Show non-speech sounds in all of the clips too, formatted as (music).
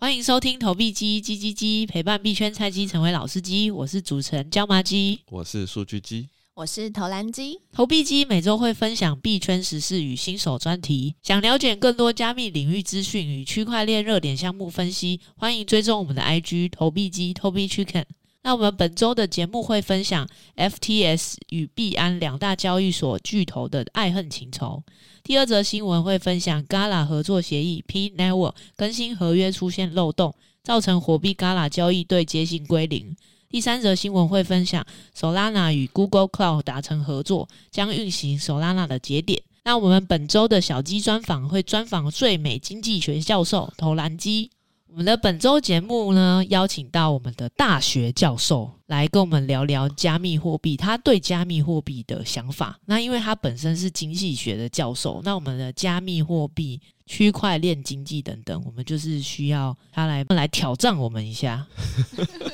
歡迎收聽投幣雞嘰嘰嘰，陪伴幣圈菜雞成為老司機。我是主持人椒麻雞，我是數據雞，我是投籃雞。投幣雞每週會分享幣圈時事與新手專題，想了解更多加密領域資訊與區塊鏈熱點項目分析，歡迎追蹤我們的 IG 投幣雞投幣去看。那我們本周的節目會分享 FTX 與幣安兩大交易所巨頭的愛恨情仇。第二則新聞會分享 Gala 合作協議，P Network 更新合約出現漏洞，造成火幣 Gala 交易對接近歸零。第三則新聞會分享 Solana 與 Google Cloud 達成合作，將運行 Solana 的節點。那我們本周的小雞專訪會專訪最美經濟學教授投籃雞我們的本周節目呢，邀請到我們的大學教授來跟我們聊聊加密貨幣，他對加密貨幣的想法。那因為他本身是經濟學的教授，那我們的加密貨幣、區塊鏈經濟等等，我們就是需要他來來挑戰我們一下。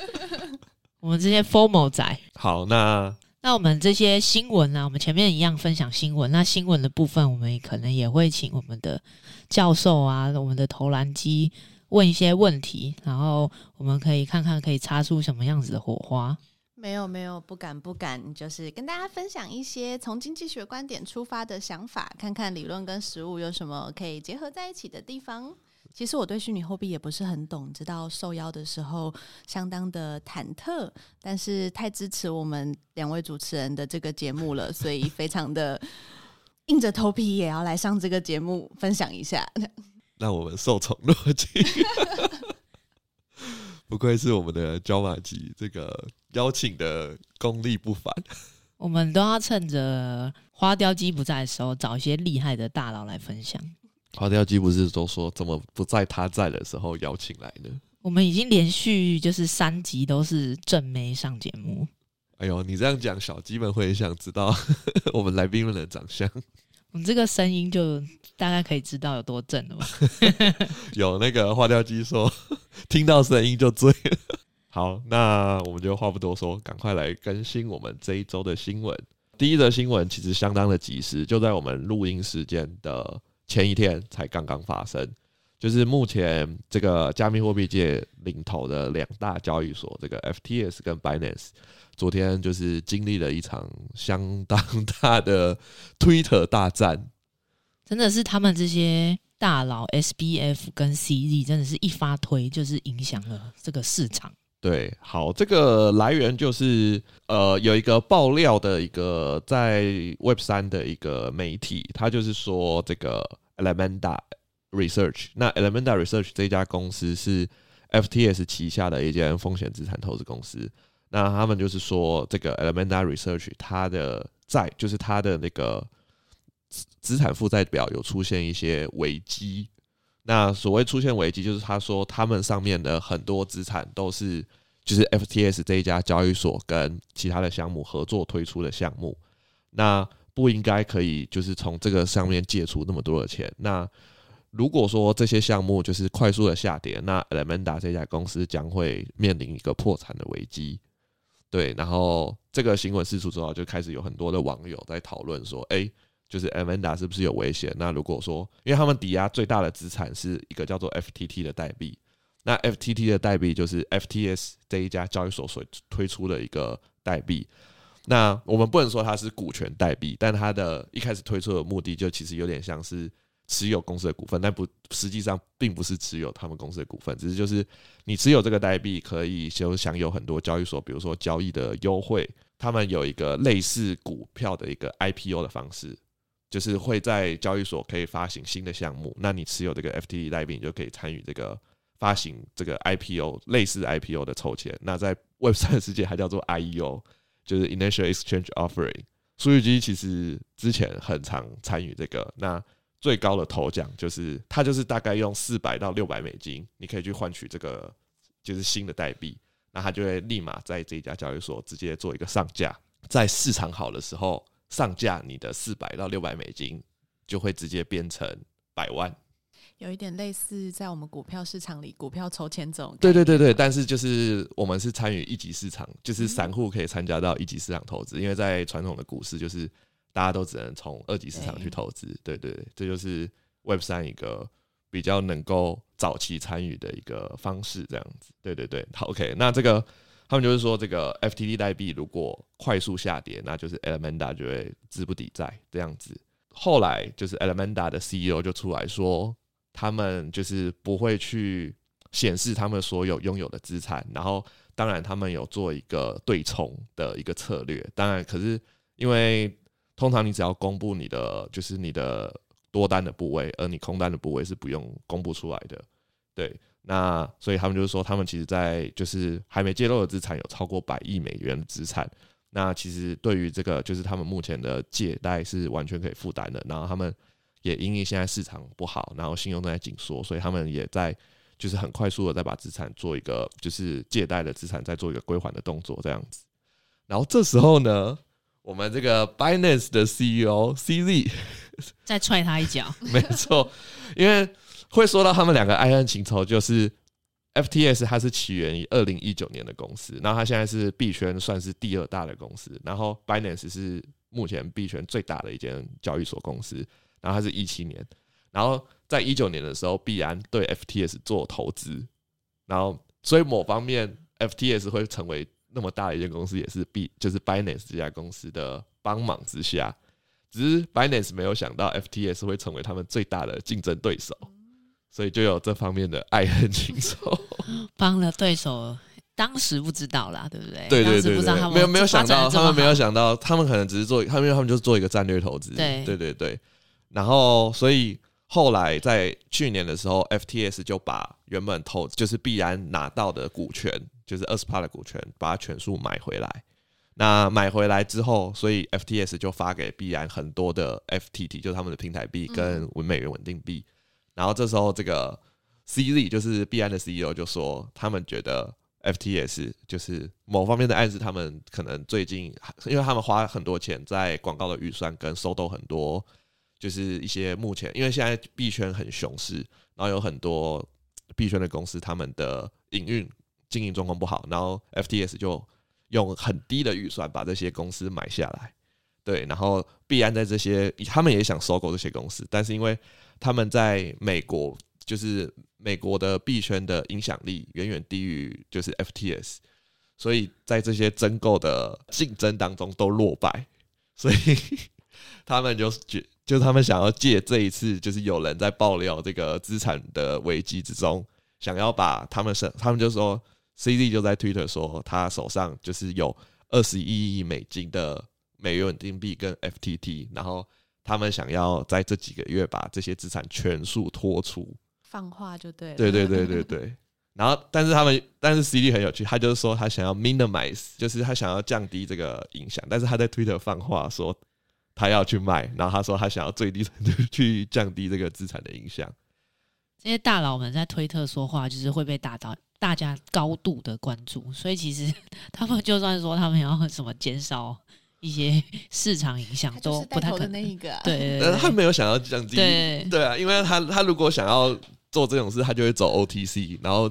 (laughs) 我們這些 FOMO 仔。好，那那我們這些新聞呢、啊？我們前面一樣分享新聞。那新聞的部分，我們可能也會請我們的教授啊，我們的投籃雞。問一些問題，然後我們可以看看可以擦出什麼樣子的火花。沒有，沒有，不敢，不敢，就是跟大家分享一些從經濟學觀點出發的想法，看看理論跟實物有什麼可以結合在一起的地方。其實我對虛擬貨幣也不是很懂，直到受邀的時候相當的忐忑，但是太支持我們兩位主持人的這個節目了， (laughs) 所以非常的硬着頭皮也要來上這個節目分享一下。讓我們受寵若驚，不愧是我們的椒麻雞，這個邀請的功力不凡。我們都要趁着花雕雞不在的時候，找一些厲害的大佬來分享。花雕雞不是都說怎麼不在？他在的時候邀請來呢？我們已經連續就是三集都是正妹上節目。哎呦，你這樣講，小雞們會想知道 (laughs) 我們來賓們的長相。你這個聲音就大概可以知道有多正了吧 (laughs) 有那個花雕雞說聽到聲音就醉了。好，那我們就話不多說，趕快來更新我們這一週的新聞。第一則新聞其實相當的及時，就在我們錄音時間的前一天才剛剛發生。就是目前這個加密貨幣界領頭的兩大交易所，這個 FTX 跟 Binance。昨天就是經歷了一場相當大的 Twitter 大戰，真的是他們這些大佬 SBF 跟 CZ 真的是一發推就是影響了這個市場。對，好，這個來源就是呃有一個爆料的一個在 Web 三的一個媒體，他就是說這個 Alameda Research，那 Alameda Research 這家公司是 FTX 旗下的一間風險資產投資公司。那他們就是說，這個 Alameda Research 它的債，就是它的那個資產負債表有出現一些危機。那所謂出現危機，就是他說他們上面的很多資產都是就是 FTX 這一家交易所，跟其他的項目合作推出的項目，那不應該可以就是從這個上面借出那麼多的錢。那如果說這些項目就是快速的下跌，那 Alameda 這家公司將會面臨一個破產的危機。對，然後這個新聞釋出之後，就開始有很多的網友在討論說，哎、欸，就是 Alameda 是不是有危險？那如果說，因為他們抵押最大的資產是一個叫做 FTT 的代幣，那 FTT 的代幣就是 FTS 這一家交易所所推出的一個代幣，那我們不能說它是股權代幣，但它的一開始推出的目的就其實有點像是。持有公司的股份，但不實際上並不是持有他們公司的股份，只是就是你持有這個代幣，可以就享有很多交易所，比如說交易的優惠。他們有一個類似股票的一個 IPO 的方式，就是會在交易所可以發行新的項目。那你持有這個 FTT 代幣，你就可以參與這個發行這個 IPO 類似 IPO 的籌錢。那在 Web 三的世界還叫做 IEO，就是 Initial Exchange Offering。數據機其實之前很常參與這個那。最高的頭獎就是，他就是大概用四百到六百美金，你可以去換取這個就是新的代幣，那他就會立馬在這家交易所直接做一個上架，在市場好的時候上架，你的四百到六百美金就會直接變成百萬。有一點類似在我們股票市場裡股票抽籤這種對對對對，但是就是我們是參與一級市場，就是散戶可以參加到一級市場投資、嗯，因為在傳統的股市就是。大家都只能從二級市場去投資，對對，對對，這就是 Web 三一個比較能夠早期參與的一個方式，這樣子，對對對，好，OK，那這個他們就是說，這個 FTD 代幣如果快速下跌，那就是 Alameda 就會資不抵債這樣子。後來就是 Alameda 的 CEO 就出來說，他們就是不會去顯示他們所有擁有的資產，然後當然他們有做一個對沖的一個策略，當然可是因為。通常你只要公布你的就是你的多單的部位，而你空單的部位是不用公布出來的。對，那所以他們就是說，他們其實在就是還沒揭露的資產有超過百億美元的資產。那其實對於這個就是他們目前的借貸是完全可以負擔的。然後他們也因為現在市場不好，然後信用正在緊縮，所以他們也在就是很快速的在把資產做一個就是借貸的資產再做一個歸還的動作這樣子。然後這時候呢？我們這個 Binance 的 CEO CZ 再踹他一腳 (laughs) ，沒錯，因為會說到他們兩個愛恨情仇，就是 FTX 它是起源於二零一九年的公司，然後它現在是幣圈算是第二大的公司，然後 Binance 是目前幣圈最大的一間交易所公司，然後它是一七年，然後在一九年的時候，幣安對 FTX 做投資，然後所以某方面 FTX 會成為。那麼大的一間公司也是 B，就是 Binance 這家公司的幫忙之下，只是 Binance 沒有想到 FTX 會成為他們最大的競爭對手，所以就有這方面的愛恨情仇。幫 (laughs) 了對手，當時不知道啦，對不對？對對對，對，沒有沒有想到，他們沒有想到，他們可能只是做，他們他們就是做一個戰略投資。對對對對，然後所以後來在去年的時候，FTX 就把原本投就是必然拿到的股權。就是二十趴的股權，把它全數買回來。那買回來之後，所以 FTX 就發給幣安很多的 FTT，就是他們的平台幣跟文美元穩定幣，嗯。然後這時候，這個 CZ 就是幣安的 CEO 就說，他們覺得 FTX 就是某方面的暗示，他們可能最近，因為他們花很多錢在廣告的預算跟收到很多，就是一些目前因為現在幣圈很熊市，然後有很多幣圈的公司他們的營運。經營狀況不好，然後 FTX 就用很低的預算把這些公司買下來，對，然後幣安在這些他們也想收購這些公司，但是因為他們在美國，就是美國的幣圈的影響力遠遠低於就是 FTX，所以在這些爭購的競爭當中都落敗，所以他們就覺，就他們想要借這一次，就是有人在爆料這個資產的危機之中，想要把他們，是他們就說。CZ 就在 Twitter 說，他手上就是有二十一億美金的美元穩定幣跟 F T T，然後他們想要在這幾個月把這些資產全數拖出，放話就對。對對對對對。嗯、然後，但是他們，但是 CZ 很有趣，他就是說他想要 minimize，就是他想要降低這個影響，但是他在 Twitter 放話說他要去賣，然後他說他想要最低程度 (laughs) 去降低這個資產的影響。這些大佬們在推特說話，就是會被打到。大家高度的關注，所以其實他們就算說他們要什麼減少一些市場影響都不太可能。一個啊、對，對，但是他沒有想要降低。對對，對，對，對啊，因為他他如果想要做這種事，他就會走 OTC，然後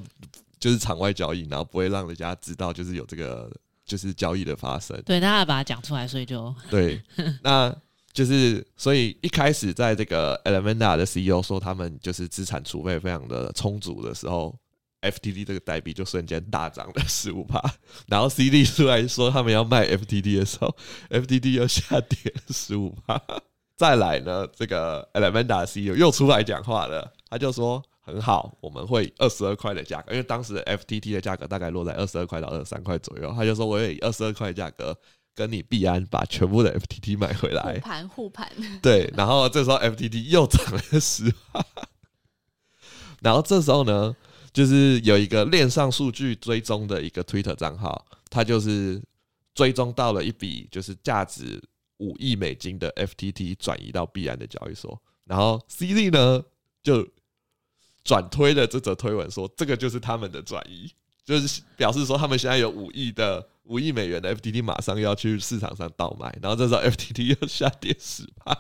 就是場外交易，然後不會讓人家知道就是有這個就是交易的發生。對，大家把它講出來，所以就對。 (laughs) 那就是所以一開始在這個 Alameda 的 CEO 說他們就是資產儲備非常的充足的時候。FTT 這個代幣就瞬間大漲了十五趴，然後 CD 出來說他們要賣 FTT 的時候 FTT 又下跌了十五趴。再來呢，這個 Alameda CEO 又出來講話了，他就說很好，我們會以二十二塊的價格，因為當時 FTT 的價格大概落在二十二塊到二十三塊左右，他就說我也以二十二塊的價格跟你幣安把全部的 FTT 買回來，對，然後這時候 FTT 又漲了十趴，然後這時候呢？就是有一個鏈上數據追蹤的一個 Twitter 賬號，他就是追蹤到了一筆就是價值五億美金的 FTT 轉移到幣安的交易所，然後 CZ 呢就轉推了這則推文說，說這個就是他們的轉移，就是表示說他們現在有五億的五億美元的 FTT 馬上又要去市場上倒賣，然後這時候 FTT 又下跌十%，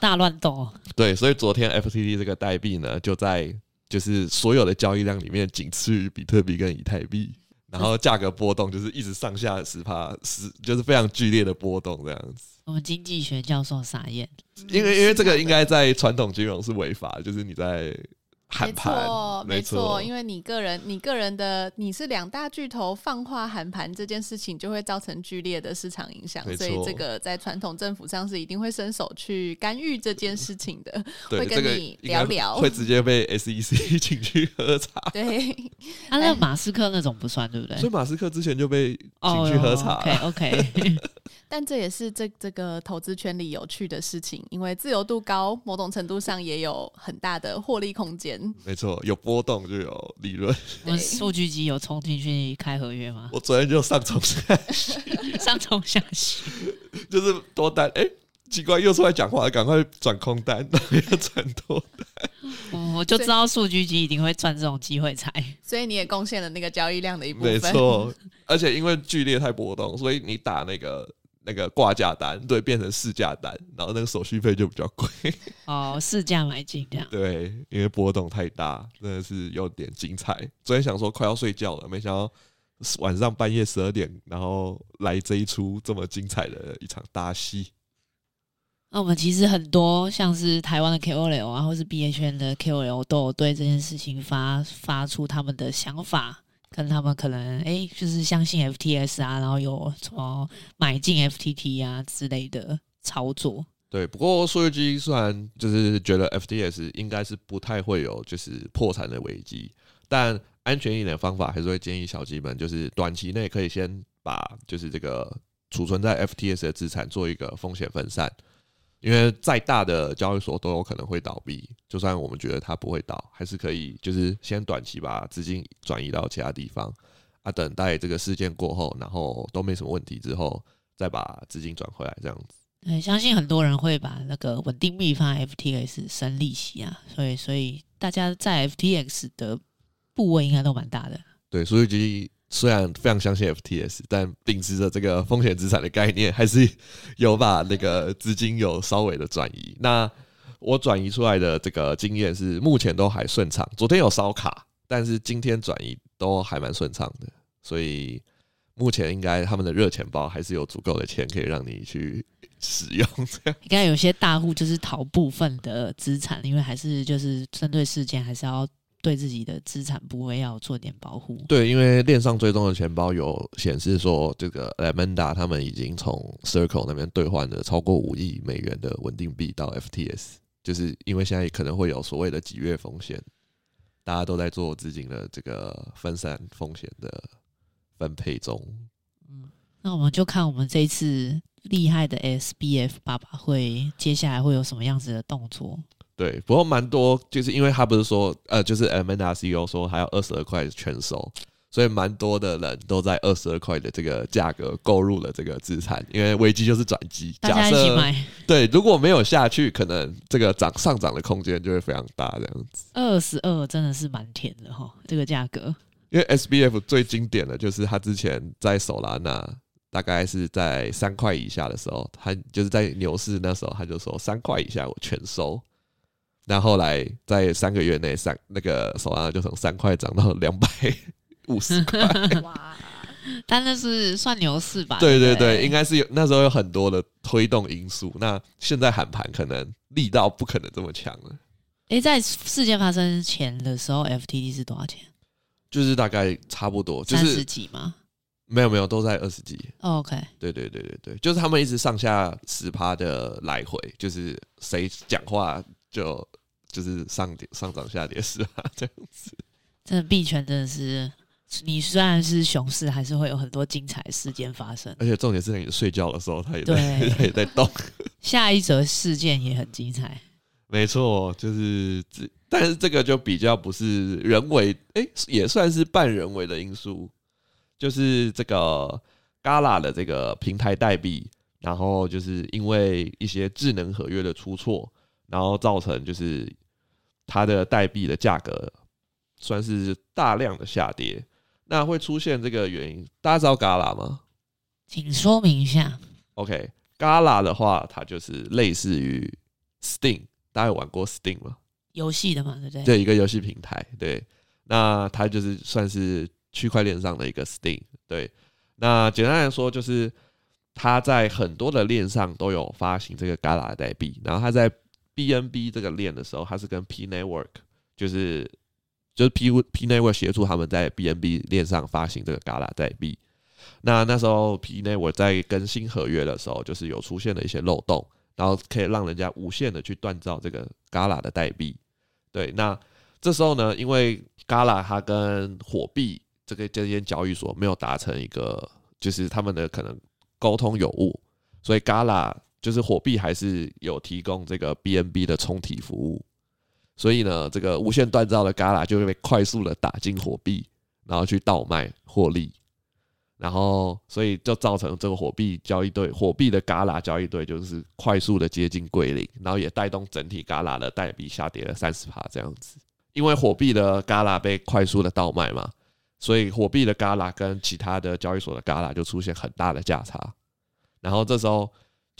大亂鬥。對，所以昨天 FTT 這個代幣呢就在。就是所有的交易量裡面，僅次於比特幣跟以太幣，然後價格波動就是一直上下十趴，十就是非常劇烈的波動這樣子。我們經濟學教授傻眼，因為因為這個應該在傳統金融是違法，就是你在。沒錯，沒錯，因為你個人，你個人的，你是兩大巨頭放話喊盤這件事情，就會造成劇烈的市場影響，所以這個在傳統政府上是一定會伸手去干預這件事情的、嗯。會跟你聊聊，這個、會直接被 SEC (laughs) 請去喝茶。對，啊，那馬斯克那種不算，對不對？所以馬斯克之前就被請去喝茶。Oh, OK，OK，、okay, okay. (laughs) 但這也是這這個投資圈裡有趣的事情，因為自由度高，某種程度上也有很大的獲利空間。沒錯，有波動就有利潤。我數據集有衝進去開合約嗎？ (laughs) 我昨天就上衝， (laughs) 上衝下洗，就是多單。哎、欸，奇怪，又出來講話，趕快轉空單，要轉多單、嗯。我就知道數據集一定會賺這種機會財。所以你也貢獻了那個交易量的一部分。沒錯，而且因為劇烈太波動，所以你打那個。那個掛價單對變成市價單，然後那個手續費就比較貴。哦，市價買進這樣。對，因為波動太大，真的是有點精彩。昨天想說快要睡覺了，沒想到晚上半夜十二點，然後來這一出這麼精彩的一場大戲。那我們其實很多像是台灣的 KOL 啊，或是幣圈的 KOL，都有對這件事情發發出他們的想法。他們可能哎、欸，就是相信 FTS 啊，然後有什麼買進 FTT 啊之類的操作。對，不過數據基雖然就是覺得 FTS 應該是不太會有就是破產的危機，但安全一點的方法還是會建議小雞們，就是短期內可以先把就是這個儲存在 FTS 的資產做一個風險分散。因為再大的交易所都有可能會倒閉，就算我們覺得它不會倒，還是可以就是先短期把資金轉移到其他地方啊，等待這個事件過後，然後都沒什麼問題之後，再把資金轉回來這樣子。對，相信很多人會把那個穩定幣放在 FTX 生利息啊，所以所以大家在 FTX 的部位應該都蠻大的。對，所以其實。雖然非常相信 FTX，但秉持着這個風險資產的概念，還是有把那個資金有稍微的轉移。那我轉移出來的這個經驗是，目前都還順暢。昨天有燒卡，但是今天轉移都還蠻順暢的。所以目前應該他們的熱錢包還是有足夠的錢可以讓你去使用。這樣，應該有些大戶就是淘部分的資產，因為還是就是針對事件，還是要。對自己的資產部位要做點保護。對，因為鏈上追蹤的錢包有顯示說，這個 Alameda 他們已經從 Circle 那邊兌換了超過五億美元的穩定幣到 FTS，就是因為現在可能會有所謂的擠兌風險，大家都在做資金的這個分散風險的分配中。嗯，那我們就看我們這一次厲害的 SBF 爸爸會接下來會有什麼樣子的動作。對，不過蠻多，就是因為他不是說，呃，就是 M N R C O 說還有二十二塊全收，所以蠻多的人都在二十二塊的這個價格購入了這個資產，因為危機就是轉機。假設。大家一起買。對，如果沒有下去，可能這個漲上漲的空間就會非常大，這樣子。二十二真的是蠻甜的哈、哦，這個價格。因為 S B F 最經典的就是他之前在 Solana，大概是在三塊以下的時候，他就是在牛市那時候，他就說三塊以下我全收。然後來在三個月內，三那個 Solana 就從三塊漲到兩百五十塊。哇 (laughs) ，但那是算牛市吧？對對對，對對應該是有那時候有很多的推動因素。那現在喊盤可能力道不可能這麼強了。誒，在事件發生前的時候，FTT 是多少錢？就是大概差不多，就是十幾嗎？沒有沒有，都在二十幾。哦、OK，對對對對對，就是他們一直上下十趴的來回，就是誰講話。就就是上跌上漲下跌是吧？這樣子。這幣圈真的是，你雖然是熊市，還是會有很多精彩事件發生。而且重點是你睡覺的時候，它也在， (laughs) 也在動 (laughs) 。下一則事件也很精彩。沒錯，就是這，但是這個就比較不是人為，哎、欸，也算是半人為的因素，就是這個 Gala 的這個平台代幣，然後就是因為一些智能合約的出錯。然後造成就是它的代幣的價格算是大量的下跌，那會出現這個原因？大家知道 Gala 嗎？請說明一下。OK，Gala，okay, 的話，它就是類似於 Steam，大家有玩過 Steam 嗎？遊戲的嘛，對不對？對，一個遊戲平台，對。那它就是算是區塊鏈上的一個 Steam，對。那簡單來說，就是它在很多的鏈上都有發行這個 Gala 代幣，然後它在。B N B 這個鏈的時候，它是跟 P Network，就是就是 P P Network 協助他們在 B N B 鏈上發行這個 Gala 代幣。那那時候 P Network 在更新合約的時候，就是有出現了一些漏洞，然後可以讓人家無限的去鍛造這個 Gala 的代幣。對，那這時候呢，因為 Gala 它跟火幣這個之間交易所沒有達成一個，就是他們的可能溝通有誤，所以 Gala。就是火幣還是有提供這個 BNB 的充提服務，所以呢，這個無限鍛造的 Gala 就會被快速的打進火幣，然後去倒賣獲利，然後所以就造成這個火幣交易對火幣的 Gala 交易對就是快速的接近歸零，然後也帶動整體 Gala 的代幣下跌了三十趴這樣子。因為火幣的 Gala 被快速的倒賣嘛，所以火幣的 Gala 跟其他的交易所的 Gala 就出現很大的價差，然後這時候。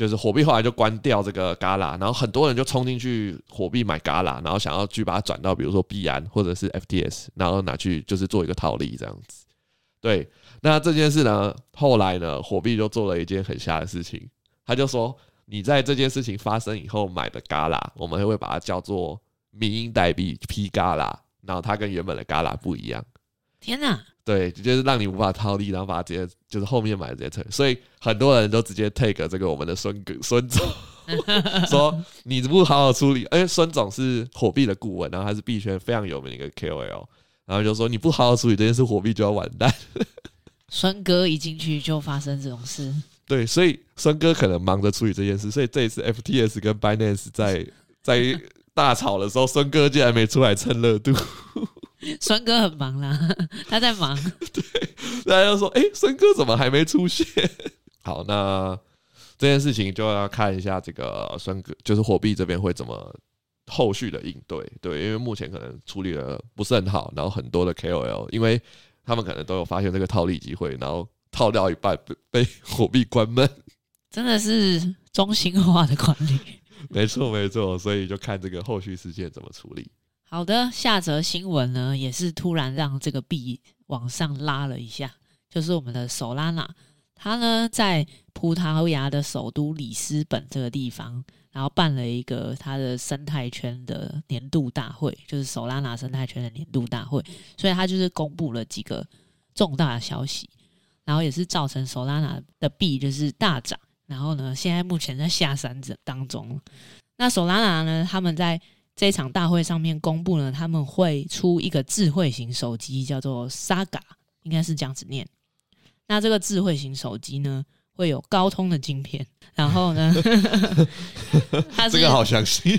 就是火幣後來就關掉這個 Gala，然後很多人就衝進去火幣買 Gala，然後想要去把它轉到比如說幣安或者是 FTX，然後拿去就是做一個套利這樣子。對，那這件事呢，後來呢，火幣就做了一件很瞎的事情，他就說你在這件事情發生以後買的 Gala，我們會把它叫做民營代幣 P Gala，然後它跟原本的 Gala 不一樣。天哪！對，就是讓你無法逃離，然後把他直接，就是後面買的這些車，所以很多人都直接 take 了這個我們的孫哥孫總 (laughs) (laughs) 說你不好好處理。哎，孫總是火幣的顧問，然後他是幣圈非常有名的一個 K O L，然後就說你不好好處理這件事，火幣就要完蛋。孫 (laughs) 哥一進去就發生這種事，對，所以孫哥可能忙着處理這件事，所以這一次 F T S 跟 Binance 在在大吵的時候，孫哥竟然沒出來蹭熱度。 (laughs) 孫哥很忙啦，他在忙。 (laughs) 對，大家說，誒、欸，孫哥怎麼還沒出現？好，那這件事情就要看一下這個孫哥，就是火幣這邊會怎麼後續的應對。對，因為目前可能處理得不是很好，然後很多的 KOL，因為他們可能都有發現這個套利機會，然後套掉一半被被火幣關門，真的是中心化的管理。 (laughs) 沒錯，沒錯，所以就看這個後續事件怎麼處理。好的，下則新聞呢，也是突然讓這個幣往上拉了一下，就是我們的索拉娜，他呢在葡萄牙的首都里斯本這個地方，然後辦了一個他的生態圈的年度大會，就是索拉娜生態圈的年度大會，所以他就是公布了幾個重大的消息，然後也是造成索拉娜的幣就是大漲，然後呢，現在目前在下山者當中，那索拉娜呢，他們在。這場大會上面公布了他們會出一個智慧型手機，叫做 Saga，應該是這樣子唸。那這個智慧型手機呢，會有高通的晶片，然後呢， (laughs) 這個好詳細，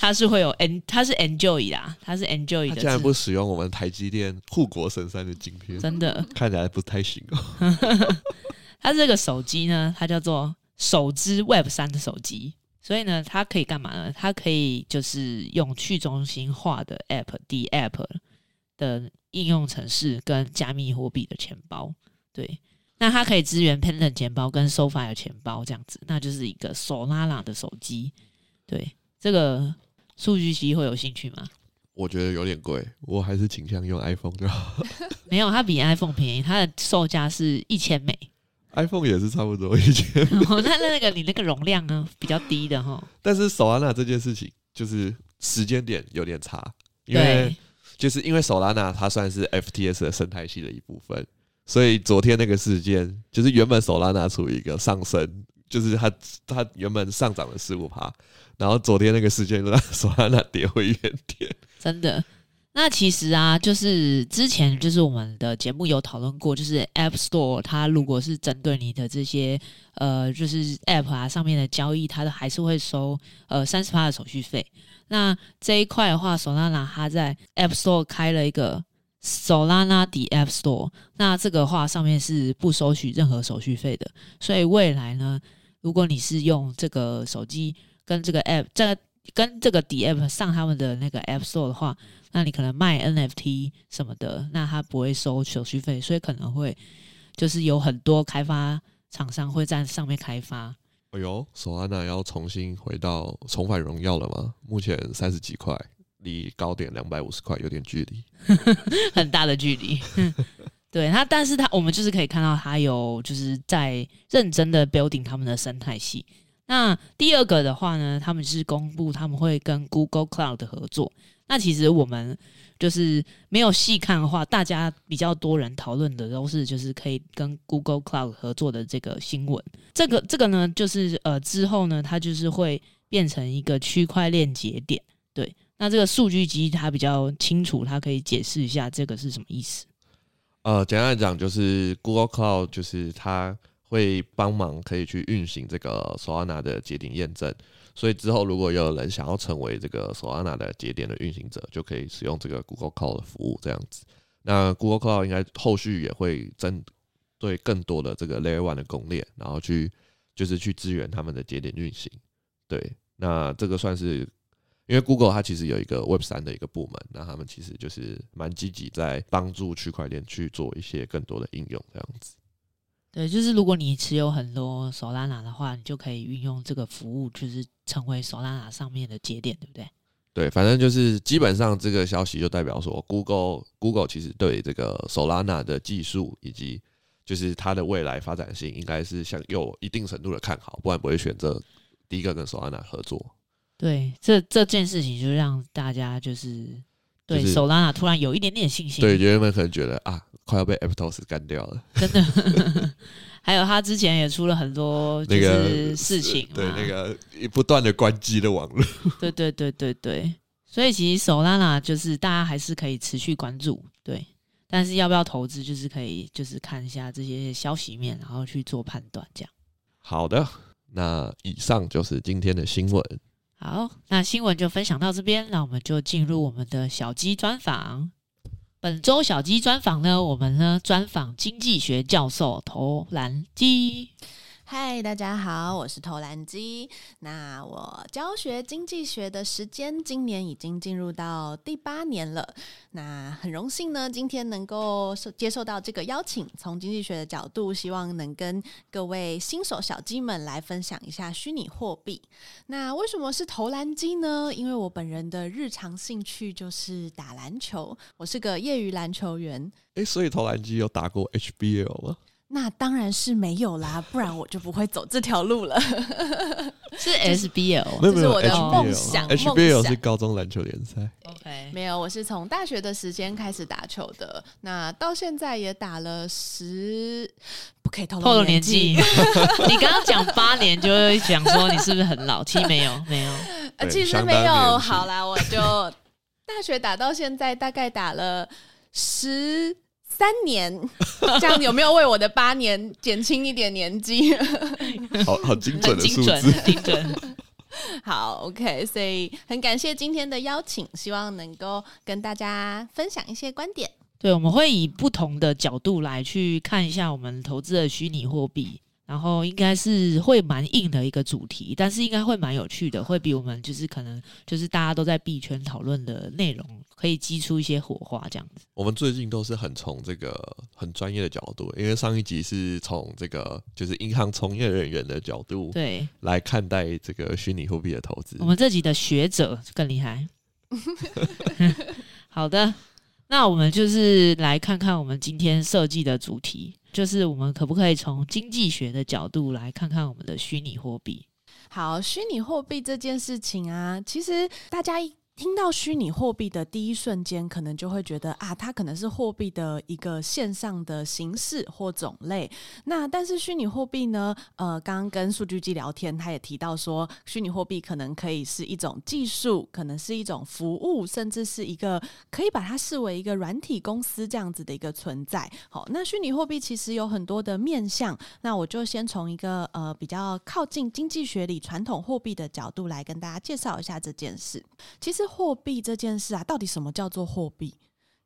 它是會有 n，它是 enjoy 啦，它是 enjoy 的，竟然不使用我們台積電護國神山的晶片，真的看起來不太行哦。 (laughs) 它這個手機呢，它叫做首支 Web 三的手機。所以呢，它可以幹嘛呢？它可以就是用去中心化的 App，D App 的應用程式跟加密貨幣的錢包，對。那它可以支援 Pendle 錢包跟 SoFi 的錢包這樣子，那就是一個 Solana 的手機。對，這個數據機會有興趣嗎？我覺得有點貴，我還是傾向用 iPhone 的。 (laughs) 沒有，它比 iPhone 便宜，它的售價是一千美。iPhone 也是差不多一件、 (laughs) 哦，以前。那那個你那個容量啊比較低的哈。 (laughs) 但是 Solana 這件事情，就是時間點有點差，因為就是因為 Solana 它算是 FTS 的生態系的一部分，所以昨天那個事件，就是原本 Solana 於一個上升，就是它它原本上漲了十五趴，然後昨天那個事件就讓 Solana 跌回原點， (laughs) 真的。那其實啊，就是之前就是我們的節目有討論過，就是 App Store 它如果是針對你的這些呃，就是 App 啊上面的交易，它都還是會收呃三十%的手續費。那這一塊的話，Solana 它在 App Store 開了一個 Solana dApp Store，那這個話上面是不收取任何手續費的。所以未來呢，如果你是用這個手機跟這個 App 在跟這個 dApp 上他們的那個 App Store 的話，那你可能賣 NFT 什麼的，那他不會收手續費，所以可能會就是有很多開發廠商會在上面開發。哎呦，索安納要重新回到重返榮耀了嗎？目前三十幾塊，離高點兩百五十塊有點距離， (laughs) 很大的距離。 (laughs) 對他，但是他我們就是可以看到他有就是在認真的 building 他們的生態系。那第二個的話呢，他們是公布他們會跟 Google Cloud 的合作。那其實我們就是沒有細看的話，大家比較多人討論的都是就是可以跟 Google Cloud 合作的這個新聞。這個這個呢，就是呃之後呢，它就是會變成一個區塊鏈節點。對，那這個數據機它比較清楚，它可以解釋一下這個是什麼意思。呃，簡單來講，就是 Google Cloud 就是它。會幫忙可以去運行這個 Solana 的節點驗證，所以之後如果有人想要成為這個 Solana 的節點的運行者，就可以使用這個 Google Cloud 的服務這樣子。那 Google Cloud 應該後續也會針對更多的這個 Layer One 的公鏈，然後去就是去支援他們的節點運行。對，那這個算是因為 Google 它其實有一個 Web 三的一個部門，那他們其實就是蠻積極在幫助區塊鏈去做一些更多的應用這樣子。對，就是如果你持有很多 Solana 的話，你就可以運用這個服務，就是成為 Solana 上面的節點，對不對？對，反正就是基本上這個消息就代表說，Google Google 其實對這個 Solana 的技術以及就是它的未來發展性，應該是向有一定程度的看好，不然不會選擇第一個跟 Solana 合作。對，這這件事情就讓大家就是。對，Solana 突然有一點點信心。對，原本可能覺得啊，快要被 Aptos 幹掉了。真的。 (laughs) (laughs) 還有他之前也出了很多那個事情，對那個不斷的關機的網絡。對對對對對，所以其實 Solana 就是大家還是可以持續關注，對，但是要不要投資，就是可以就是看一下這些消息面，然後去做判斷，這樣。好的，那以上就是今天的新聞。好，那新聞就分享到這邊，那我們就進入我們的小雞專訪。本週小雞專訪呢，我們呢專訪經濟學教授投籃雞。嗨，大家好，我是投籃雞。那我教學經濟學的時間，今年已經進入到第八年了。那很榮幸呢，今天能夠接受到這個邀請，從經濟學的角度，希望能跟各位新手小雞們來分享一下虛擬貨幣。那為什麼是投籃雞呢？因為我本人的日常興趣就是打籃球，我是個業餘籃球員。誒，所以投籃雞有打過 HBL 嗎？那當然是沒有啦，不然我就不會走這條路了。 (laughs) 是 SBL，就是，沒有沒有，就是我的夢想 SBL 是高中籃球聯賽。OK，沒有，我是從大學的時間開始打球的，那到現在也打了十，不可以透露年紀。年紀 (laughs) 你剛剛講八年，就會想說你是不是很老？其沒有，沒有， (laughs) 其實沒有。好啦，我就大學打到現在，大概打了十。三年，這樣有沒有為我的八年減輕一點年紀？ (laughs) 好，很精準的數字。很精準，精準。好，OK，所以很感謝今天的邀請，希望能夠跟大家分享一些觀點。對，我們會以不同的角度來去看一下我們投資的虛擬貨幣。然後應該是會蠻硬的一個主題，但是應該會蠻有趣的，會比我們就是可能就是大家都在幣圈討論的內容，可以激出一些火花這樣子。我們最近都是很從這個很專業的角度，因為上一集是從這個就是銀行從業人員的角度對來看待這個虛擬貨幣的投資。我們這集的學者更厲害。 (laughs) (laughs) 好的。那我們就是來看看我們今天設計的主題，就是我們可不可以從經濟學的角度來看看我們的虛擬貨幣？好，虛擬貨幣這件事情啊，其實大家一聽到虛擬貨幣的第一瞬間，可能就會覺得啊，它可能是貨幣的一個線上的形式或種類。那但是虛擬貨幣呢？呃，剛剛跟數據雞聊天，他也提到說，虛擬貨幣可能可以是一種技術，可能是一種服務，甚至是一個可以把它視為一個軟體公司這樣子的一個存在。好、哦，那虛擬貨幣其實有很多的面向。那我就先從一個呃比較靠近經濟學裡傳統貨幣的角度來跟大家介紹一下這件事。其實。貨幣這件事啊，到底什麼叫做貨幣？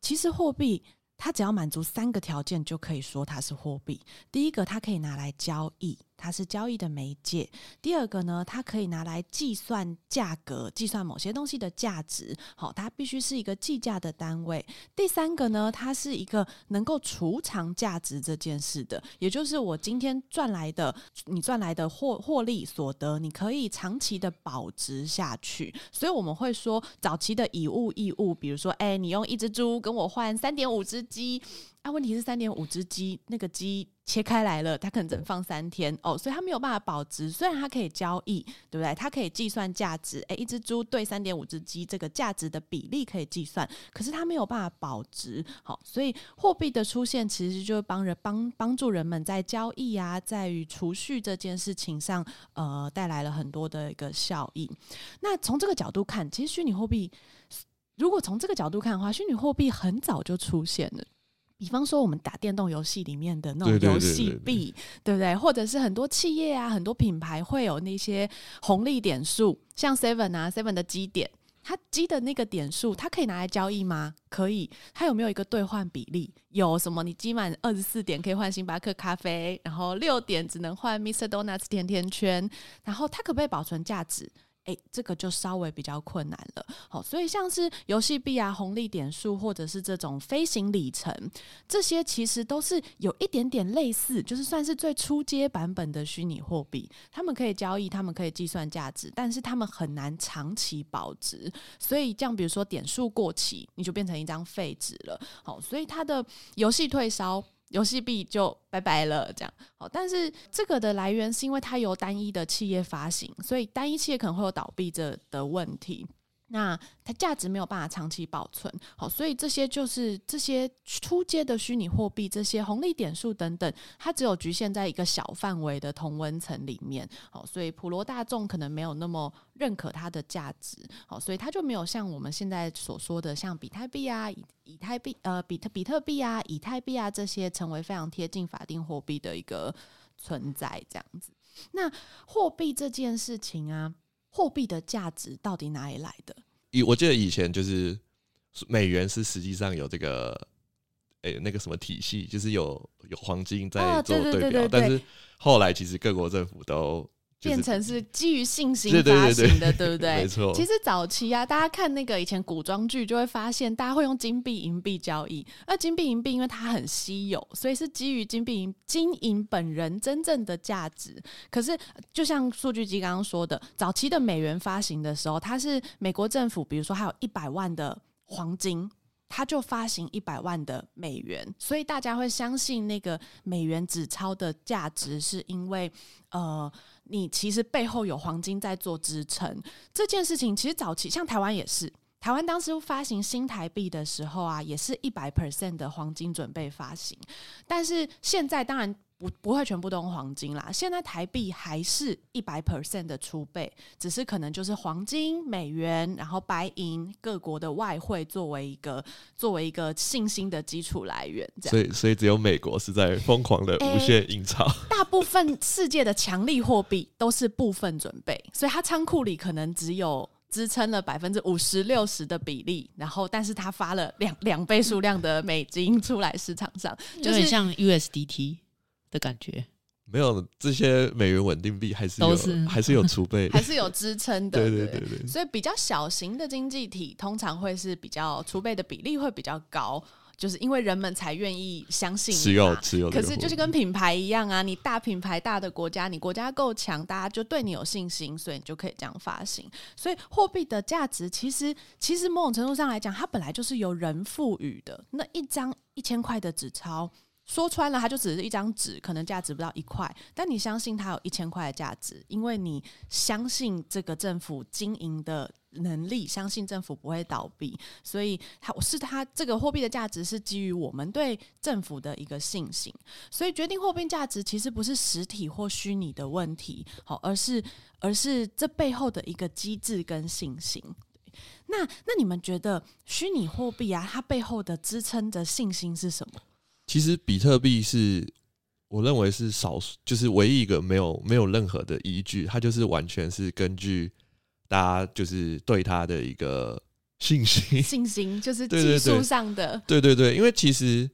其實貨幣它只要滿足三個條件，就可以說它是貨幣。第一個，它可以拿來交易。它是交易的媒介。第二個呢，它可以拿來計算價格，計算某些東西的價值。好、哦，它必須是一個計價的單位。第三個呢，它是一個能夠儲藏價值這件事的，也就是我今天賺來的，你賺來的獲獲利所得，你可以長期的保值下去。所以我們會說，早期的以物易物，比如說，哎、欸，你用一隻豬跟我換三點五隻雞。那、啊、問題是，三點五隻雞，那個雞。切開來了，它可能只能放三天哦，所以它沒有辦法保值。雖然它可以交易，對不對？它可以計算價值，誒，一只豬對三點五只雞這個價值的比例可以計算，可是它沒有辦法保值。好、哦，所以貨幣的出現其實就幫人幫幫助人們在交易啊，在於儲蓄這件事情上，呃，帶來了很多的一個效益。那從這個角度看，其實虛擬貨幣，如果從這個角度看的話，虛擬貨幣很早就出現了。比方說，我們打電動遊戲裡面的那種遊戲幣對對對對對對，對不對？或者是很多企業啊，很多品牌會有那些紅利點數，像 Seven 啊，Seven 的積點，它積的那個點數，它可以拿來交易嗎？可以。它有沒有一個兌換比例？有什麼？你積滿二十四點可以換星巴克咖啡，然後六點只能換 Mr. Donuts 甜甜圈，然後它可不可以保存價值？誒，這個就稍微比較困難了。好、哦，所以像是遊戲幣啊、紅利點數或者是這種飛行里程，這些其實都是有一點點類似，就是算是最初階版本的虛擬貨幣。他們可以交易，他們可以計算價值，但是他們很難長期保值。所以，像比如說點數過期，你就變成一張廢紙了。好、哦，所以它的遊戲退燒。遊戲幣就拜拜了，這樣好，但是這個的來源是因為它由單一的企業發行，所以單一企業可能會有倒閉這的問題。那它價值沒有辦法長期保存，好，所以這些就是這些初階的虛擬貨幣、這些紅利點數等等，它只有局限在一個小範圍的同溫層裡面，好，所以普羅大眾可能沒有那麼認可它的價值，好，所以它就沒有像我們現在所說的像比特幣啊、以、以太幣、呃，比特比特幣啊、以太幣啊這些成為非常貼近法定貨幣的一個存在這樣子。那貨幣這件事情啊，貨幣的價值到底哪裡來的？以我記得以前就是美元是實際上有這個誒、欸、那個什麼體系，就是有有黃金在做錶、哦、對標，但是後來其實各國政府都。變成是基於信心發行的，就是，對，對，對，對，對不對？沒錯。其實早期啊，大家看那個以前古裝劇，就會發現大家會用金幣、銀幣交易。那金幣、銀幣因為它很稀有，所以是基於金幣、金銀本人真正的價值。可是，就像數據機剛剛說的，早期的美元發行的時候，它是美國政府，比如說還有一百萬的黃金，它就發行一百萬的美元，所以大家會相信那個美元紙鈔的價值，是因為呃。你其實背後有黃金在做支撐，這件事情其實早期，像台灣也是，台灣當時發行新台幣的時候啊，也是一百 percent 的黃金準備發行，但是現在當然。不不會全部都用黃金啦，現在台幣還是一百 percent 的儲備，只是可能就是黃金、美元，然後白銀各國的外匯作為一個作為一個信心的基礎來源。這樣，所以所以只有美國是在瘋狂的無限印鈔。欸、 (laughs) 大部分世界的強力貨幣都是部分準備，所以它倉庫裡可能只有支撐了百分之五十六十的比例，然後但是它發了兩兩倍數量的美金出來市場上，就是像 USDT。的感覺沒有這些美元穩定幣，還是都是還是有儲備，還是有支撐的。 (laughs) 對對對對，對，所以比較小型的經濟體通常會是比較儲備的比例會比較高，就是因為人們才願意相信持有持有。可是就是跟品牌一樣啊，你大品牌大的國家，你國家夠強，大家就對你有信心，所以你就可以這樣發行。所以貨幣的價值其實其實某種程度上來講，它本來就是由人賦予的。那一張一千塊的紙鈔。說穿了，它就只是一張紙，可能價值不到一塊，但你相信它有一千塊的價值，因為你相信這個政府經營的能力，相信政府不會倒閉，所以它是它這個貨幣的價值是基於我們對政府的一個信心。所以決定貨幣價值其實不是實體或虛擬的問題，好、哦，而是而是這背後的一個機制跟信心。那那你們覺得虛擬貨幣啊，它背後的支撐的信心是什麼？其實比特幣是我認為是少數，就是唯一一個沒有沒有任何的依據，它就是完全是根據大家就是對它的一個信心，信心就是技術上的。對對對，對對對，因為其實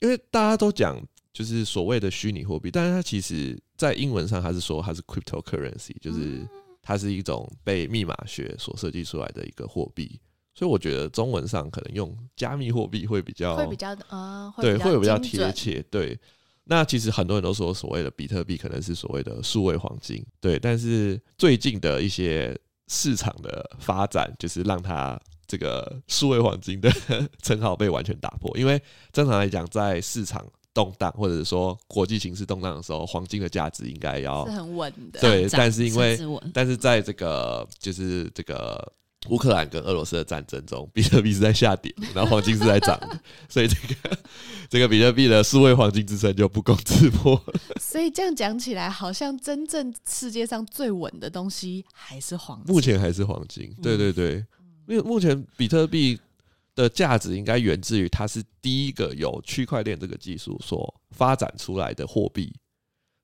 因為大家都講就是所謂的虛擬貨幣，但是它其實在英文上它是說它是 cryptocurrency，就是它是一種被密碼學所設計出來的一個貨幣。所以我覺得中文上可能用加密貨幣會比較會比較啊、呃，對，會有比較貼切。對，那其實很多人都說所謂的比特幣可能是所謂的數位黃金。對，但是最近的一些市場的發展，就是讓它這個數位黃金的稱號被完全打破。因為正常來講，在市場動盪或者是說國際形勢動盪的時候，黃金的價值應該要是很穩的。對、啊，但是因為但是在這個就是這個。烏克蘭跟俄羅斯的戰爭中，比特幣是在下跌，然後黃金是在漲的 (laughs) 所以這個這個比特幣的數位黃金之稱就不攻自破。 (laughs) 所以這樣講起來，好像真正世界上最穩的東西還是黃金。目前還是黃金，對對對,對、嗯，因為目前比特幣的價值應該源自於它是第一個有區塊鏈這個技術所發展出來的貨幣，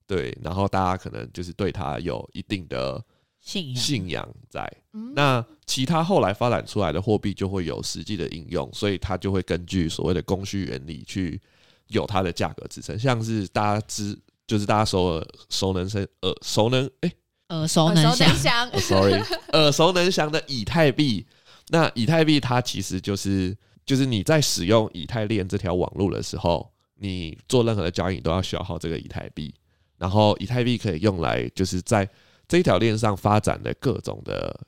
對，然後大家可能就是對它有一定的。信仰信仰在、嗯，那其他後來發展出來的貨幣就會有實際的應用，所以它就會根據所謂的供需原理去有它的價格支撐。像是大家知，就是大家熟耳熟能生耳、呃、熟能誒、耳、欸呃、熟能詳耳、呃熟， (laughs) Oh, sorry. (laughs) 呃、熟能詳的以太幣。那以太幣它其實就是就是你在使用以太鏈這條網絡的時候，你做任何的交易都要消耗這個以太幣，然後以太幣可以用來就是在。這一條鏈上發展的各種的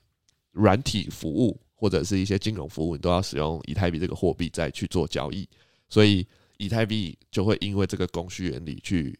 軟體服務或者是一些金融服務，你都要使用以太幣這個貨幣再去做交易，所以以太幣就會因為這個供需原理去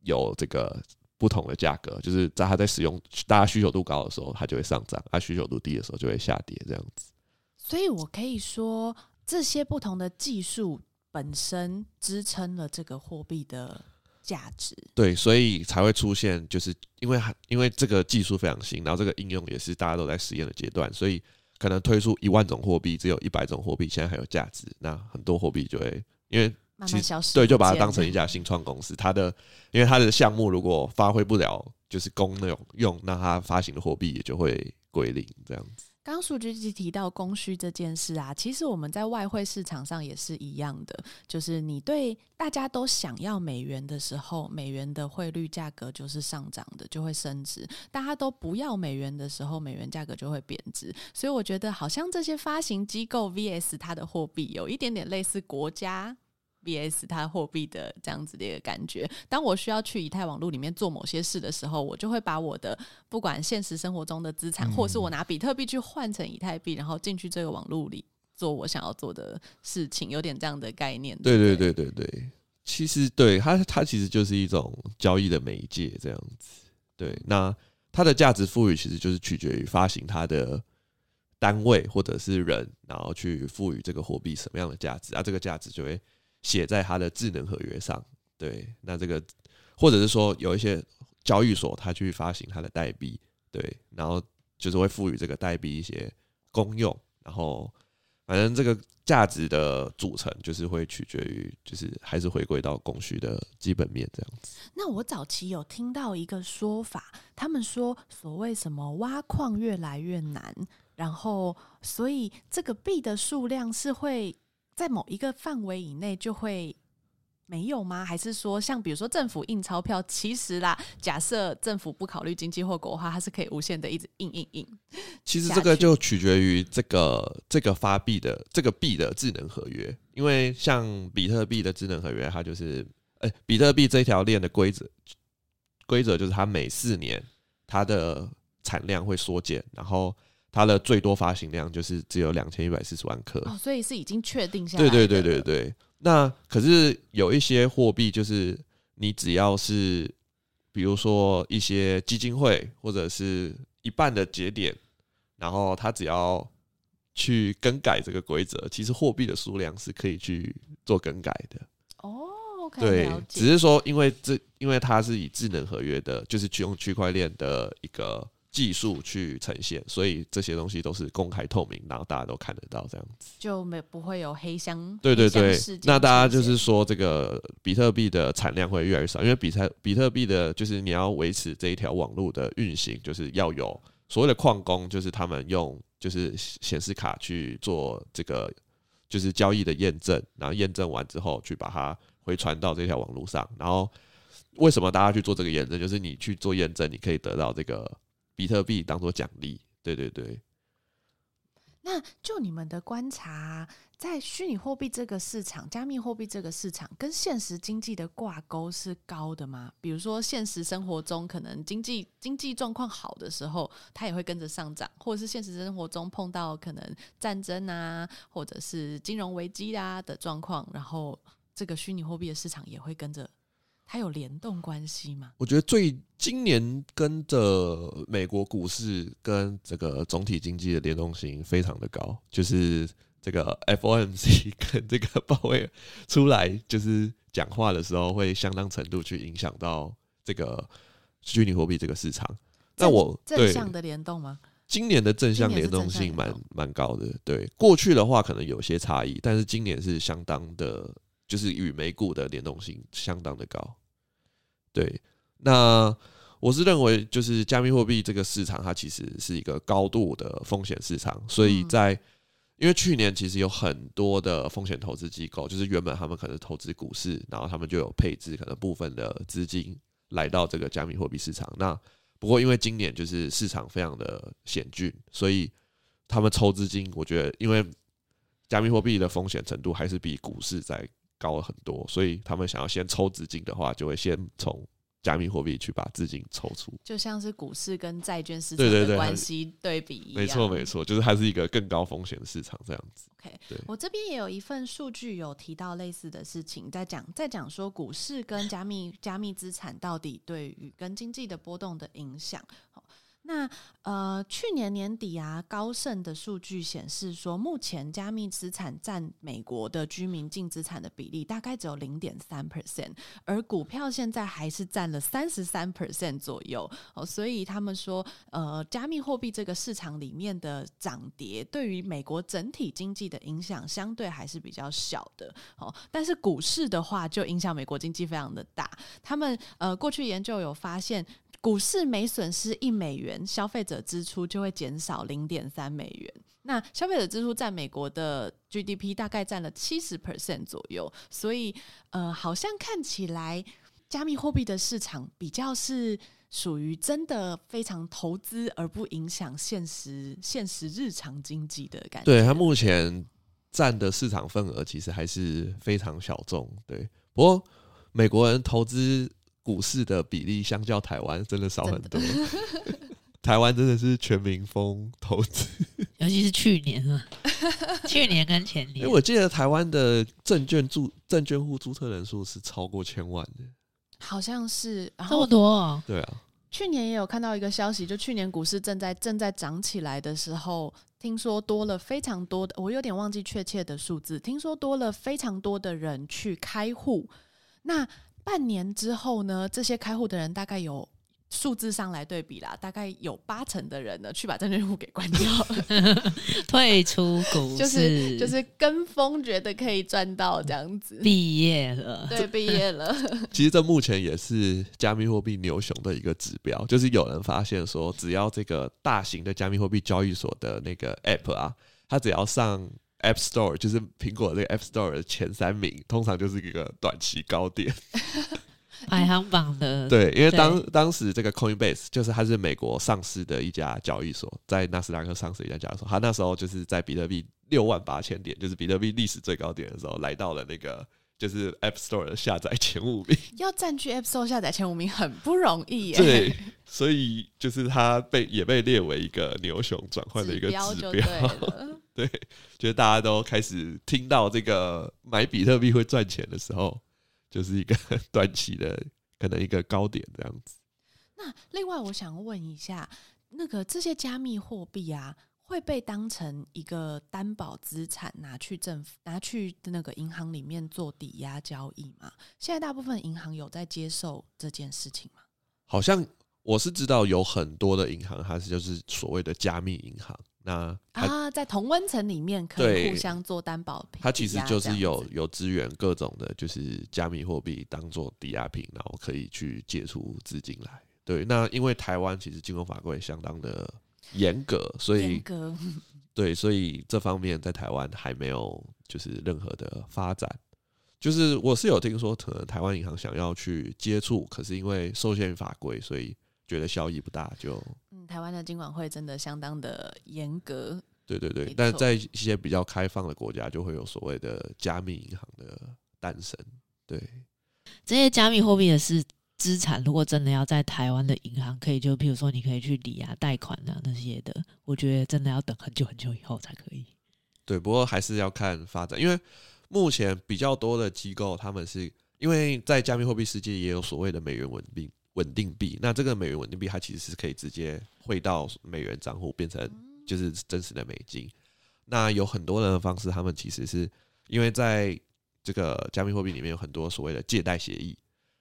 有這個不同的價格，就是在它在使用大家需求度高的時候它就會上漲，它需求度低的時候就會下跌這樣子。所以我可以說，這些不同的技術本身支撐了這個貨幣的。價值。對，所以才會出現，就是因為因為這個技術非常新，然後這個應用也是大家都在實驗的階段，所以可能推出一萬種貨幣，只有一百種貨幣現在還有價值，那很多貨幣就會因為其實對，就把它當成一家新創公司，它的因為它的項目如果發揮不了就是供那種用，那它發行的貨幣也就會歸零這樣子。剛數據局提到供需這件事啊，其實我們在外匯市場上也是一樣的，就是你對大家都想要美元的時候，美元的匯率價格就是上漲的，就會升值；大家都不要美元的時候，美元價格就會貶值。所以我覺得，好像這些發行機構 vs 它的貨幣，有一點點類似國家。B.S. 它貨幣的這樣子的一個感覺。當我需要去以太網絡裡面做某些事的時候，我就會把我的不管現實生活中的資產，或是我拿比特幣去換成以太幣，然後進去這個網絡裡做我想要做的事情。有點這樣的概念、嗯。對對對對對，其實對它它其實就是一種交易的媒介，這樣子。對，那它的價值賦予其實就是取決於發行它的單位或者是人，然後去賦予這個貨幣什麼樣的價值啊？這個價值就會。寫在它的智能合約上，對，那這個或者是說有一些交易所它去發行它的代幣，對，然後就是會賦予這個代幣一些功用，然後反正這個價值的組成就是會取決於，就是還是回歸到供需的基本面這樣子。那我早期有聽到一個說法，他們說所謂什麼挖礦越來越難，然後所以這個幣的數量是會。在某一個範圍以內就會沒有嗎？還是說，像比如說政府印鈔票，其實啦，假設政府不考慮經濟後果的話，它是可以無限的一直印印印。其實這個就取決於這個這個發幣的這個幣的智能合約，因為像比特幣的智能合約，它就是，欸、比特幣這一條鏈的規則規則就是它每四年它的產量會縮減，然後。它的最多發行量就是只有兩千一百四十萬顆所以是已經確定下來。對對對對對,對。那可是有一些貨幣，就是你只要是，比如說一些基金會或者是一半的節點，然後他只要去更改這個規則，其實貨幣的數量是可以去做更改的。哦，對，只是說因為這因為它是以智能合約的，就是去用區塊鏈的一個。技術去呈現，所以這些東西都是公開透明，然後大家都看得到，這樣子就沒不會有黑箱。對對對，那大家就是說，這個比特幣的產量會越來越少，因為比特比特幣的就是你要維持這一條網絡的運行，就是要有所謂的礦工，就是他們用就是顯示卡去做這個就是交易的驗證，然後驗證完之後去把它回傳到這條網絡上。然後為什麼大家去做這個驗證？就是你去做驗證，你可以得到這個。比特幣當做獎勵，對對對。那就你們的觀察，在虛擬貨幣這個市場、加密貨幣這個市場，跟現實經濟的掛鈎是高的嗎？比如說，現實生活中可能經濟經濟狀況好的時候，它也會跟着上漲；或者是現實生活中碰到可能戰爭啊，或者是金融危機啊的狀況，然後這個虛擬貨幣的市場也會跟着。它有聯動關係嗎？我覺得最今年跟着美國股市、跟這個總體經濟的聯動性非常的高，就是這個 FOMC 跟這個鮑威爾出來就是講話的時候，會相當程度去影響到這個虛擬貨幣這個市場。那我對正向的聯動嗎？今年的正向聯動性蠻蠻高的。對，過去的話可能有些差異，但是今年是相當的，就是與美股的聯動性相當的高。對，那我是認為，就是加密貨幣這個市場，它其實是一個高度的風險市場。所以在，因為去年其實有很多的風險投資機構，就是原本他們可能投資股市，然後他們就有配置可能部分的資金來到這個加密貨幣市場。那不過因為今年就是市場非常的險峻，所以他們抽資金，我覺得因為加密貨幣的風險程度還是比股市在。高了很多，所以他們想要先抽資金的話，就會先從加密貨幣去把資金抽出，就像是股市跟債券市場的關係。對，對，對，對比一樣，沒錯，沒錯，就是它是一個更高風險的市場這樣子。OK，我這邊也有一份數據有提到類似的事情，在講在講說股市跟加密加密資產到底對於跟經濟的波動的影響。那呃，去年年底啊，高盛的數據顯示說，目前加密資產占美國的居民淨資產的比例大概只有零點三 percent，而股票現在還是占了三十三 percent 左右。哦，所以他們說，呃，加密貨幣這個市場裡面的漲跌對於美國整體經濟的影響相對還是比較小的。哦，但是股市的話就影響美國經濟非常的大。他們呃，過去研究有發現。股市每損失一美元，消費者支出就會減少零點三美元。那消費者支出在美國的 GDP 大概占了七十 percent 左右，所以呃，好像看起來加密貨幣的市場比較是屬於真的非常投資而不影響現實、現實日常經濟的感覺。對，它目前占的市場份額其實還是非常小眾。對，不過美國人投資。股市的比例相較台灣真的少很多， (laughs) 台灣真的是全民瘋投資，尤其是去年啊， (laughs) 去年跟前年，因、欸、為我記得台灣的證券注證券戶註冊人數是超過千萬的，好像是這麼多。哦，對啊，去年也有看到一個消息，就去年股市正在正在漲起來的時候，聽說多了非常多的，我有點忘記確切的數字，聽說多了非常多的人去開戶，那。半年之後呢，這些開戶的人大概有數字上來對比啦，大概有八成的人呢去把證券戶給關掉了， (laughs) 退出股市，就是，就是跟風覺得可以賺到這樣子，畢業了，對，畢業了。其實這目前也是加密貨幣牛熊的一個指標，就是有人發現說，只要這個大型的加密貨幣交易所的那個 App 啊，它只要上。App Store 就是蘋果的這個 App Store 的前三名，通常就是一個短期高點 (laughs) 排行榜的。對，因為當當時這個 Coinbase 就是它是美國上市的一家交易所，在納斯達克上市的一家交易所，它那時候就是在比特幣六萬八千點，就是比特幣歷史最高點的時候，來到了那個就是 App Store 的下載前五名。要占據 App Store 下載前五名很不容易欸，對，所以就是它被也被列為一個牛熊轉換的一個指標。指標對，覺得大家都開始聽到這個買比特幣會賺錢的時候，就是一個短期的可能一個高點這樣子。那另外，我想問一下，那個這些加密貨幣啊，會被當成一個擔保資產拿去政府拿去那個銀行裡面做抵押交易嗎？現在大部分銀行有在接受這件事情嗎？好像我是知道有很多的銀行，它是就是所謂的加密銀行。那啊，在同溫層裡面可以互相做擔保品，它其實就是有有支援各種的，就是加密貨幣當做抵押品，然後可以去借出資金來。對，那因為台灣其實金融法規相當的嚴格，所以對，所以這方面在台灣還沒有就是任何的發展。就是我是有聽說，可能台灣銀行想要去接觸，可是因為受限於法規，所以覺得效益不大，就。台灣的金管會真的相當的嚴格，對對對，但在一些比較開放的國家，就會有所謂的加密銀行的誕生。對，這些加密貨幣也是資產，如果真的要在台灣的銀行可以就，就譬如說你可以去抵押貸款啊那些的，我覺得真的要等很久很久以後才可以。對，不過還是要看發展，因為目前比較多的機構，他們是因為在加密貨幣世界也有所謂的美元穩定。穩定幣，那這個美元穩定幣，它其實是可以直接匯到美元賬戶，變成就是真實的美金。那有很多人的方式，他們其實是因為在這個加密貨幣裡面有很多所謂的借貸協議，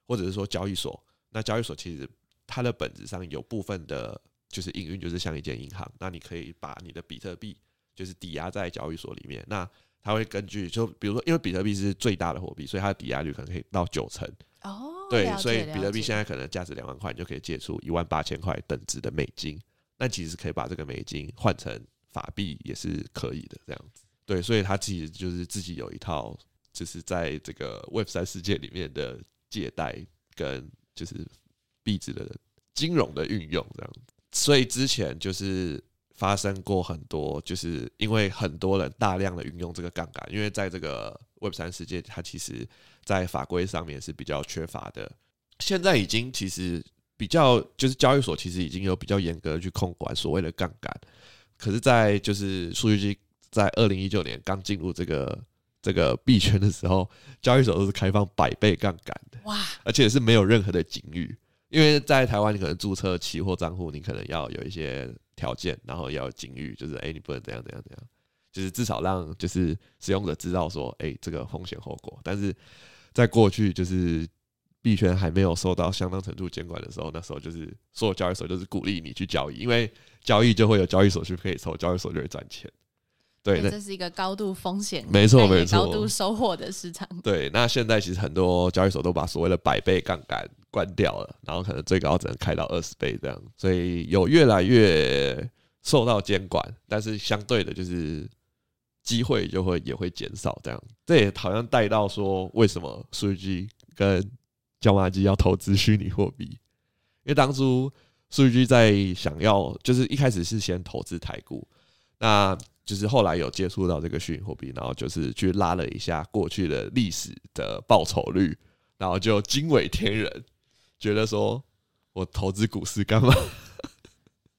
或者是說交易所。那交易所其實它的本質上有部分的就是營運，就是像一間銀行。那你可以把你的比特幣就是抵押在交易所裡面，那它會根據就比如說，因為比特幣是最大的貨幣，所以它的抵押率可能可以到九成。哦、oh,，對，所以比特幣現在可能價值兩萬塊，你就可以借出一萬八千塊等值的美金。那其實可以把這個美金換成法幣也是可以的，這樣子。對，所以他自己就是自己有一套，就是在這個 Web3 世界裡面的借貸跟就是幣值的金融的運用這樣。所以之前就是發生過很多，就是因為很多人大量的運用這個槓桿，因為在這個 Web 三世界，它其實在法規上面是比較缺乏的。現在已經其實比較就是交易所其實已經有比較嚴格的去控管所謂的槓桿，可是，在就是數據雞在二零一九年剛進入這個這個幣圈的時候，交易所都是開放百倍槓桿的哇，而且是沒有任何的警語。因為在台灣你可能注冊期貨賬戶，你可能要有一些條件，然後要警語。就是誒、欸，你不能這樣這樣這樣。就是至少讓就是使用者知道說，哎、欸，這個風險後果。但是在過去，就是幣圈還沒有受到相當程度監管的時候，那時候就是所有交易所就是鼓勵你去交易，因為交易就會有交易手續費，抽交易所就會賺錢。對、欸，這是一個高度風險，沒錯沒錯，欸、高度收穫的市場。對，那現在其實很多交易所都把所謂的百倍槓桿關掉了，然後可能最高只能開到二十倍這樣，所以有越來越受到監管，但是相對的就是。機會就會也會減少，這樣這也好像帶到說，為什麼數據雞跟椒麻雞要投資虛擬貨幣？因為當初數據雞在想要，就是一開始是先投資台股，那就是後來有接觸到這個虛擬貨幣，然後就是去拉了一下過去的歷史的報酬率，然後就驚為天人，覺得說我投資股市幹嘛？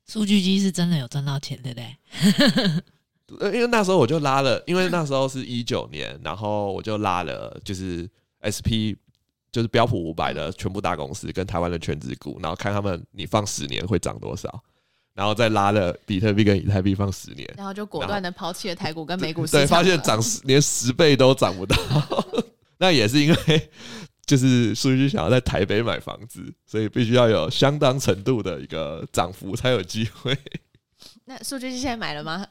數據雞是真的有賺到錢，對不對？因為那時候我就拉了，因為那時候是一九年、嗯，然後我就拉了，就是 SP，就是標普五百的全部大公司跟台灣的權值股，然後看他們你放十年會漲多少，然後再拉了比特幣跟以太幣放十年、嗯，然後就果斷的拋棄了台股跟美股對，對，發現漲十連十倍都漲不到， (laughs) (laughs) 那也是因為就是數據想要在台北買房子，所以必須要有相當程度的一個漲幅才有機會。那數據是現在買了嗎？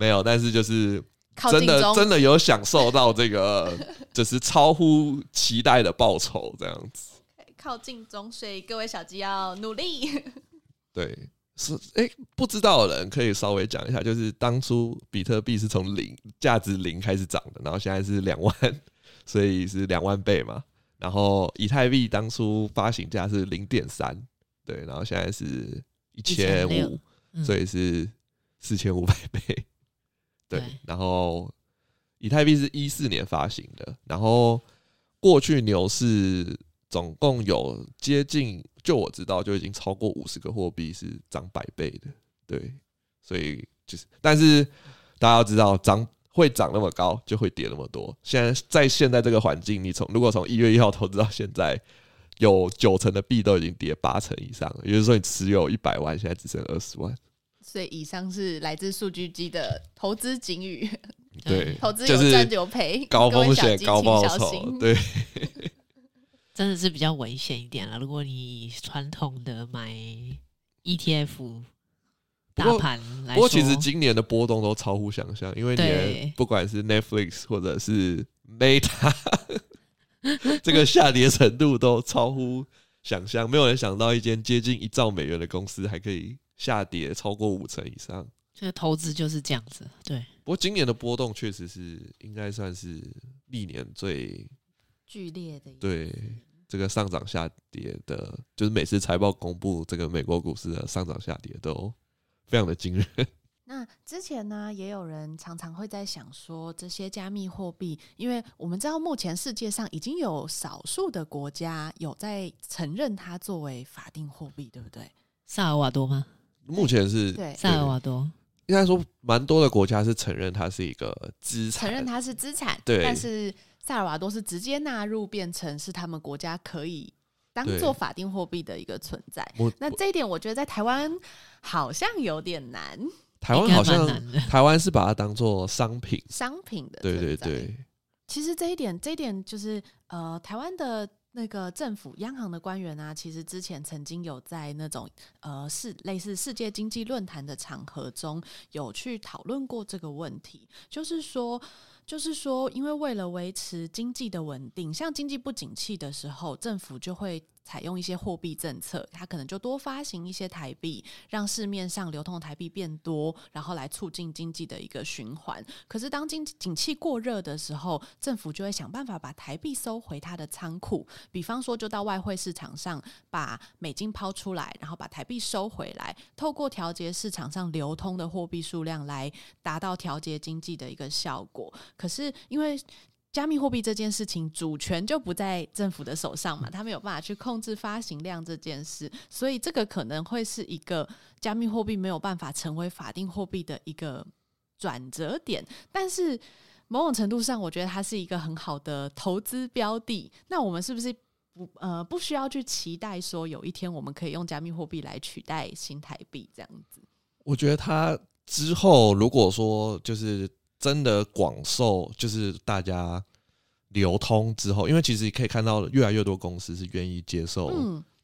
沒有，但是就是真的真的有享受到這個， (laughs) 就是超乎期待的報酬這樣子。Okay, 靠近中，水，各位小雞要努力。 (laughs) 對，是、欸、哎，不知道的人可以稍微講一下，就是當初比特幣是從零價值零開始漲的，然後現在是兩萬，所以是兩萬倍嘛。然後以太幣當初發行價是零點三，對，然後現在是一千五，所以是四千五百倍。對，然後以太幣是一四年發行的，然後過去牛市總共有接近，就我知道就已經超過五十個貨幣是漲百倍的，對，所以就是，但是大家要知道，漲會漲那麼高，就會跌那麼多。現在在現在這個環境，你從如果從一月一號投資到現在，有九成的幣都已經跌八成以上了，也就是說，你持有一百萬，現在只剩二十萬。所以以上是來自數據機的投資警語，對 (laughs) 資有有、就是金金。對，投資有賺就有賠，高風險高報酬。對，真的是比較危險一點了。如果你傳統的買 ETF 大盤來說，不過其實今年的波動都超乎想象，因為你的不管是 Netflix 或者是 Meta， (laughs) 這個下跌程度都超乎想象，沒有人想到一間接近一兆美元的公司還可以。下跌超過五成以上，這個投資就是這樣子。對，不過今年的波動確實是應該算是歷年最劇烈的。對，這個上漲下跌的，就是每次財報公布，這個美國股市的上漲下跌都非常的驚人。那之前呢，也有人常常會在想說，這些加密貨幣，因為我們知道目前世界上已經有少數的國家有在承認它作為法定貨幣，對不對？薩爾瓦多嗎？目前是，對，薩爾瓦多應該說蠻多的國家是承認它是一個資產，承認它是資產，對，但是薩爾瓦多是直接納入變成是他們國家可以當做法定貨幣的一個存在。那這一點我覺得在台灣好像有點難。難，台灣好像台灣是把它當做商品， (laughs) 商品的，對，對對對。其實這一點，這一點就是呃，台灣的。那個政府央行的官員啊，其實之前曾經有在那種呃是類似世界經濟論壇的場合中有去討論過這個問題，就是說，就是說，因為為了維持經濟的穩定，像經濟不景氣的時候，政府就會。採用一些貨幣政策，它可能就多發行一些台幣，讓市面上流通的台幣變多，然後來促進經濟的一個循環。可是當經濟景氣過熱的時候，政府就會想辦法把台幣收回它的倉庫，比方說就到外匯市場上把美金拋出來，然後把台幣收回來，透過調節市場上流通的貨幣數量來達到調節經濟的一個效果。可是因為加密貨幣這件事情，主權就不在政府的手上嘛，他沒有辦法去控制發行量這件事，所以這個可能會是一個加密貨幣沒有辦法成為法定貨幣的一個轉折點。但是，某種程度上，我覺得它是一個很好的投資標的。那我們是不是不呃不需要去期待說有一天我們可以用加密貨幣來取代新台幣這樣子？我覺得它之後如果說就是。真的廣受就是大家流通之後，因為其實你可以看到越來越多公司是願意接受，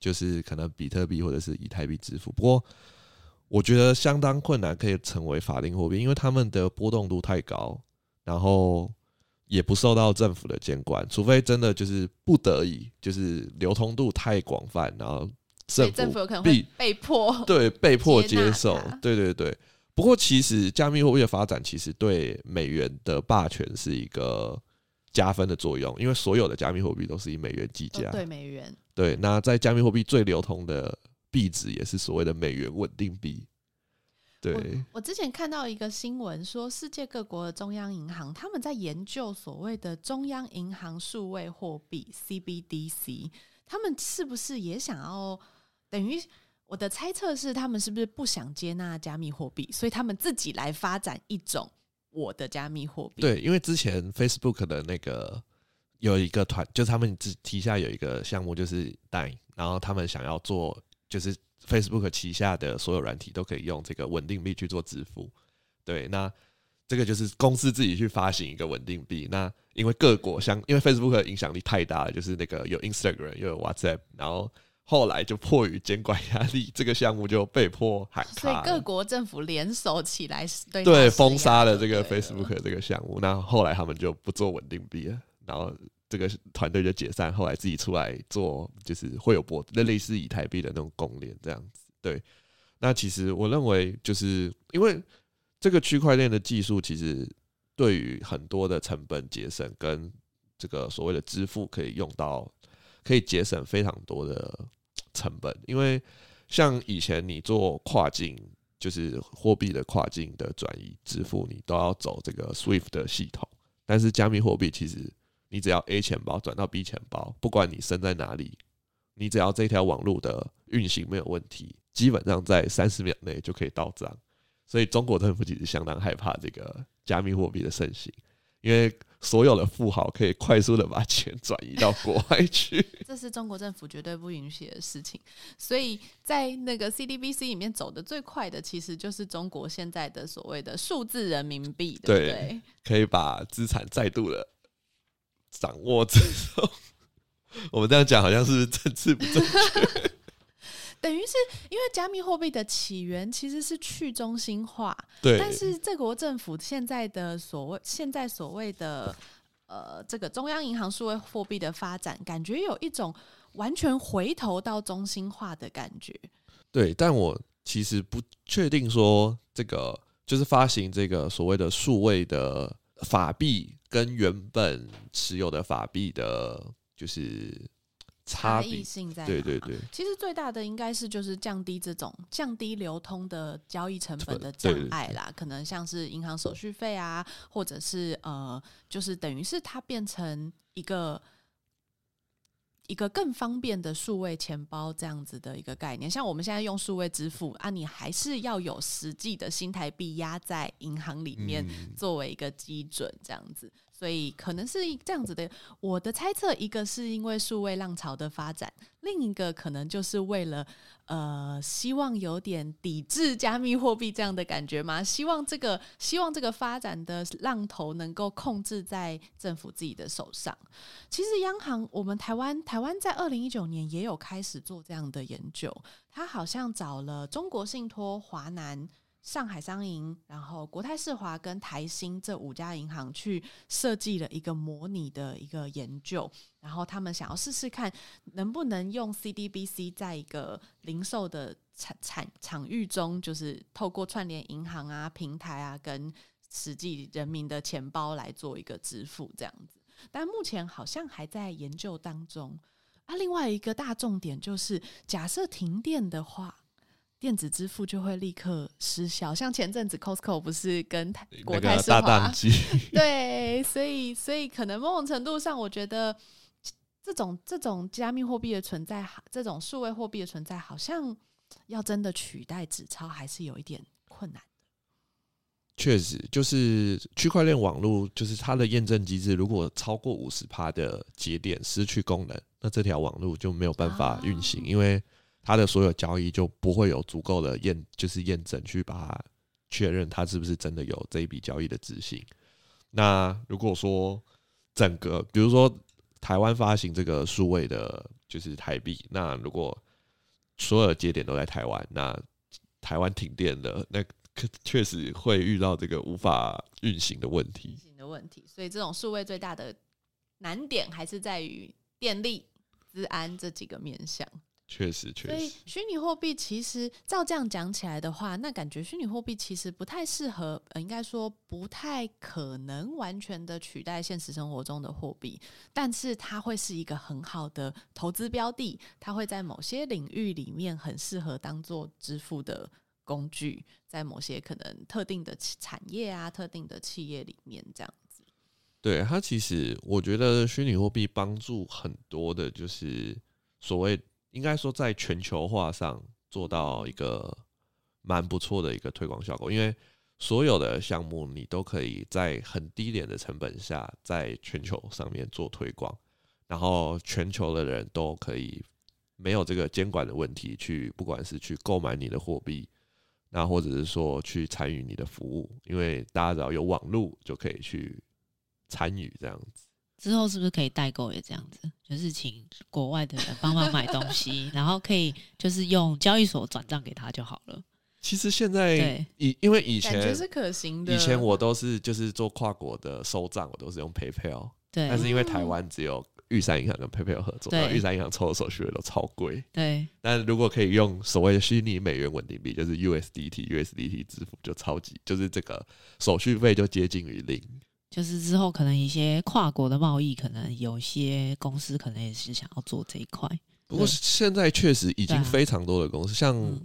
就是可能比特幣或者是以太幣支付。不過我覺得相當困難可以成為法定貨幣，因為他們的波動度太高，然後也不受到政府的監管。除非真的就是不得已，就是流通度太廣泛，然後政府有可能被迫對被迫接受，對對對。不過，其實加密貨幣的發展其實對美元的霸權是一個加分的作用，因為所有的加密貨幣都是以美元計價。對美元。對，那在加密貨幣最流通的幣值也是所謂的美元穩定幣。對，我，我之前看到一個新聞說，世界各國的中央銀行他們在研究所謂的中央銀行數位貨幣 （CBDC），他們是不是也想要等於？我的猜測是，他們是不是不想接納加密貨幣，所以他們自己來發展一種我的加密貨幣？對，因為之前 Facebook 的那個有一個團，就是他們自旗下有一個項目，就是 Diem，然後他們想要做，就是 Facebook 旗下的所有軟體都可以用這個穩定幣去做支付。對，那這個就是公司自己去發行一個穩定幣。那因為各國相，因為 Facebook 的影響力太大了，就是那個有 Instagram 又有 WhatsApp，然後。後來就迫於監管壓力，這個項目就被迫喊卡。所以各國政府聯手起來，對封殺了這個 Facebook 這個項目。那後來他們就不做穩定幣了，然後這個團隊就解散。後來自己出來做，就是會有波，類似以太幣的那種公鏈這樣子。對，那其實我認為，就是因為這個區塊鏈的技術，其實對於很多的成本節省跟這個所謂的支付，可以用到，可以節省非常多的。成本，因為像以前你做跨境，就是貨幣的跨境的轉移支付，你都要走這個 SWIFT 的系統。但是加密貨幣其實，你只要 A 錢包轉到 B 錢包，不管你身在哪裡，你只要這條網路的運行沒有問題，基本上在三十秒內就可以到賬。所以中國政府其實相當害怕這個加密貨幣的盛行。因為所有的富豪可以快速的把錢轉移到國外去 (laughs) 這是中國政府絕對不允許的事情。所以在那個 CDBC 裡面走得最快的，其實就是中國現在的所謂的數字人民幣，對不對？對，可以把資產再度的掌握。這時候我們這樣講，好像是政治不正確。 (laughs) 等於是，因為加密貨幣的起源其實是去中心化，對。但是，這國政府現在的所謂，現在所謂的呃，這個中央銀行數位貨幣的發展，感覺有一種完全回頭到中心化的感覺。對，但我其實不確定說這個就是發行這個所謂的數位的法幣，跟原本持有的法幣的，就是。差異性在哪、啊？對對對,對，其實最大的應該是就是降低這種降低流通的交易成本的障礙啦，對對對對可能像是銀行手續費啊，嗯、或者是呃，就是等於是它變成一個一個更方便的數位錢包這樣子的一個概念。像我們現在用數位支付，啊，你還是要有實際的新台幣壓在銀行裡面、嗯、作為一個基準，這樣子。所以可能是這樣子的，我的猜測，一個是因為數位浪潮的發展，另一個可能就是為了呃，希望有點抵制加密貨幣這樣的感覺嗎？希望這個希望這個發展的浪頭能夠控制在政府自己的手上。其實央行，我們台灣台灣在2019年也有開始做這樣的研究，他好像找了中國信托華南。上海商銀、然後國泰世華跟台新這五家銀行去設計了一個模擬的一個研究，然後他們想要試試看能不能用 CDBC 在一個零售的場場場域中，就是透過串聯銀行啊、平台啊，跟實際人民的錢包來做一個支付這樣子。但目前好像還在研究當中那、啊、另外一個大重點就是，假設停電的話。電子支付就會立刻失效，像前陣子 Costco 不是跟國泰、那個、是嗎？對，所以所以可能某種程度上，我覺得這種這種加密貨幣的存在，好，這種數位貨幣的存在，好像要真的取代紙鈔，還是有一點困難。確實，就是區塊鏈網絡，就是它的驗證機制，如果超過五十趴的節點失去功能，那這條網絡就沒有辦法運行，啊、因為。他的所有交易就不會有足夠的驗，就是驗證去把他確認他是不是真的有這一筆交易的執行。那如果說整個，比如說台灣發行這個數位的，就是台幣，那如果所有節點都在台灣，那台灣停電了，那確實會遇到這個無法運行的問題。運行的問題，所以這種數位最大的難點還是在於電力、治安這幾個面向。確實，確實。所以，虛擬貨幣其實照這樣講起來的話，那感覺虛擬貨幣其實不太適合，呃，應該說不太可能完全的取代現實生活中的貨幣。但是，它會是一個很好的投資標的，它會在某些領域裡面很適合當做支付的工具，在某些可能特定的產業啊、特定的企業裡面這樣子。對它，其實我覺得虛擬貨幣幫助很多的，就是所謂。應該說，在全球化上做到一個蠻不錯的一個推廣效果，因為所有的項目你都可以在很低廉的成本下，在全球上面做推廣，然後全球的人都可以沒有這個監管的問題去，不管是去購買你的貨幣，那或者是說去參與你的服務，因為大家只要有網絡就可以去參與這樣子。之後是不是可以代購也這樣子，就是請國外的人幫忙買東西， (laughs) 然後可以就是用交易所轉賬給他就好了。其實現在以因為以前是可行的，以前我都是就是做跨國的收賬，我都是用 PayPal。對，但是因為台灣只有玉山銀行跟 PayPal 合作，玉山銀行抽的手續費都超貴。對，但如果可以用所謂的虛擬美元穩定幣，就是 USDT，USDT USDT 支付就超級，就是這個手續費就接近於零。就是之後可能一些跨國的貿易，可能有些公司可能也是想要做這一塊。不過現在確實已經非常多的公司，啊、像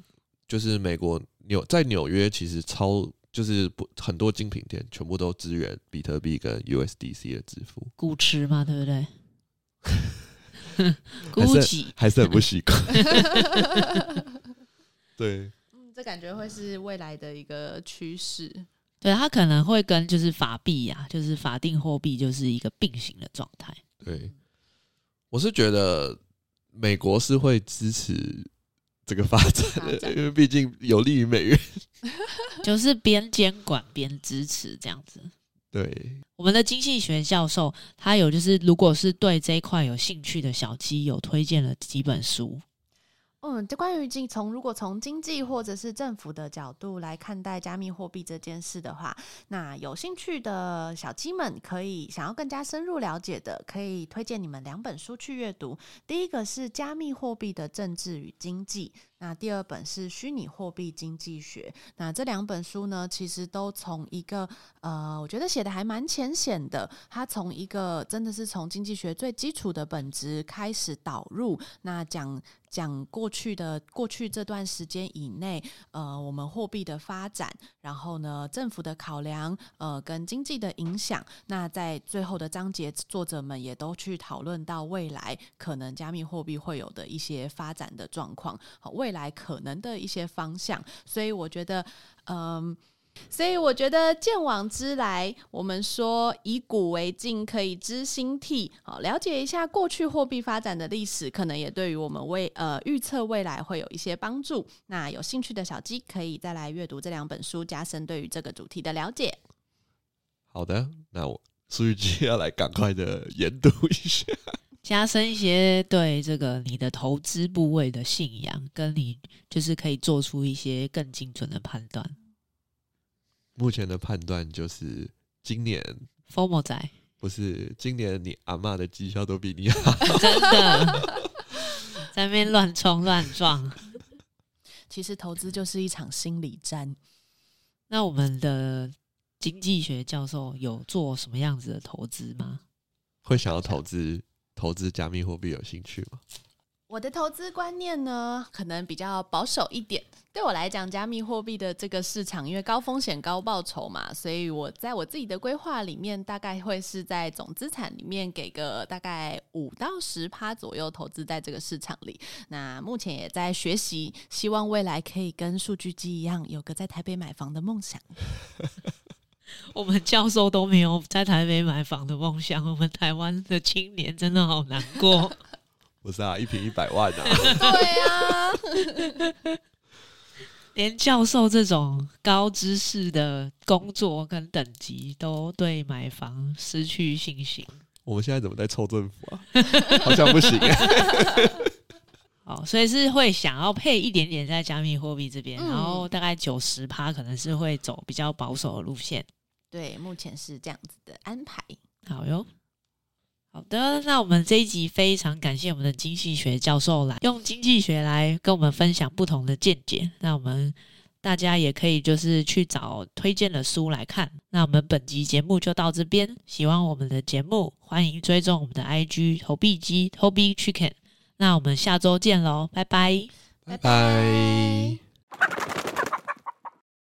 就是美國紐在紐約，其實超就是不很多精品店全部都支援比特幣跟 USDC 的支付。古馳嘛，對不對？ (laughs) 還是還是很不習慣。 (laughs) (laughs) 對、嗯。這感覺會是未來的一個趨勢。對，它可能會跟就是法幣呀、啊，就是法定貨幣，就是一個並行的狀態。對，我是覺得美國是會支持這個發展的，因為畢竟有利於美元。 (laughs) 就是邊監管邊支持這樣子。對，我們的經濟學教授他有，就是如果是對這一塊有興趣的小雞，有推薦了幾本書。嗯，就關於經從，如果從經濟或者是政府的角度來看待加密貨幣這件事的話，那有興趣的小雞們可以，想要更加深入了解的，可以推薦你們兩本書去閱讀。第一個是《加密貨幣的政治與經濟》。那第二本是虛擬貨幣經濟學。那這兩本書呢，其實都從一個呃，我覺得寫的還蠻淺顯的。它從一個真的是從經濟學最基礎的本質開始導入，那講講過去的過去這段時間以內呃，我們貨幣的發展，然後呢，政府的考量呃，跟經濟的影響。那在最後的章節，作者們也都去討論到未來可能加密貨幣會有的一些發展的狀況。好未來可能的一些方向，所以我覺得，嗯，所以我覺得鑑往知來。我們說以古為鏡，可以知興替。好，了解一下過去貨幣發展的歷史，可能也對於我們未呃預測未來會有一些幫助。那有興趣的小雞可以再來閱讀這兩本書，加深對於這個主題的了解。好的，那我蘇玉吉要來趕快的研讀一下。加深一些對這個你的投資部位的信仰，跟你就是可以做出一些更精準的判斷。目前的判斷就是今年 FOMO 仔，不是今年你阿媽的績效都比你好 (laughs) (laughs) 真的在那邊亂衝亂撞。 (laughs) 其實投資就是一場心理戰。那我們的經濟學教授有做什麼樣子的投資嗎？會想要投資。投資加密貨幣有興趣嗎？我的投資觀念呢，可能比較保守一點。對我來講，加密貨幣的這個市場，因為高風險高報酬嘛，所以我在我自己的規劃裡面，大概會是在總資產裡面給個大概五到十趴左右投資在這個市場裡。那目前也在學習，希望未來可以跟數據雞一樣，有個在台北買房的夢想。 (laughs) 我們教授都沒有在台北買房的夢想，我們台灣的青年真的好難過。 (laughs) 不是啊，一坪一百萬啊！對啊，連教授這種高知識的工作跟等級都對買房失去信心。 (laughs) 我們現在怎麼在臭政府啊？好像不行、欸。 (laughs) 好，所以是會想要配一點點在加密貨幣這邊，然後大概九十趴可能是會走比較保守的路線。對，目前是這樣子的安排。好喲，好的，那我們這一集非常感謝我們的經濟學教授來用經濟學來跟我們分享不同的見解。那我們大家也可以就是去找推薦的書來看。那我們本集節目就到這邊，希望我們的節目，歡迎追蹤我們的 I G 投幣雞投幣 Chicken。那我們下周見嘍，拜拜，拜拜。拜拜。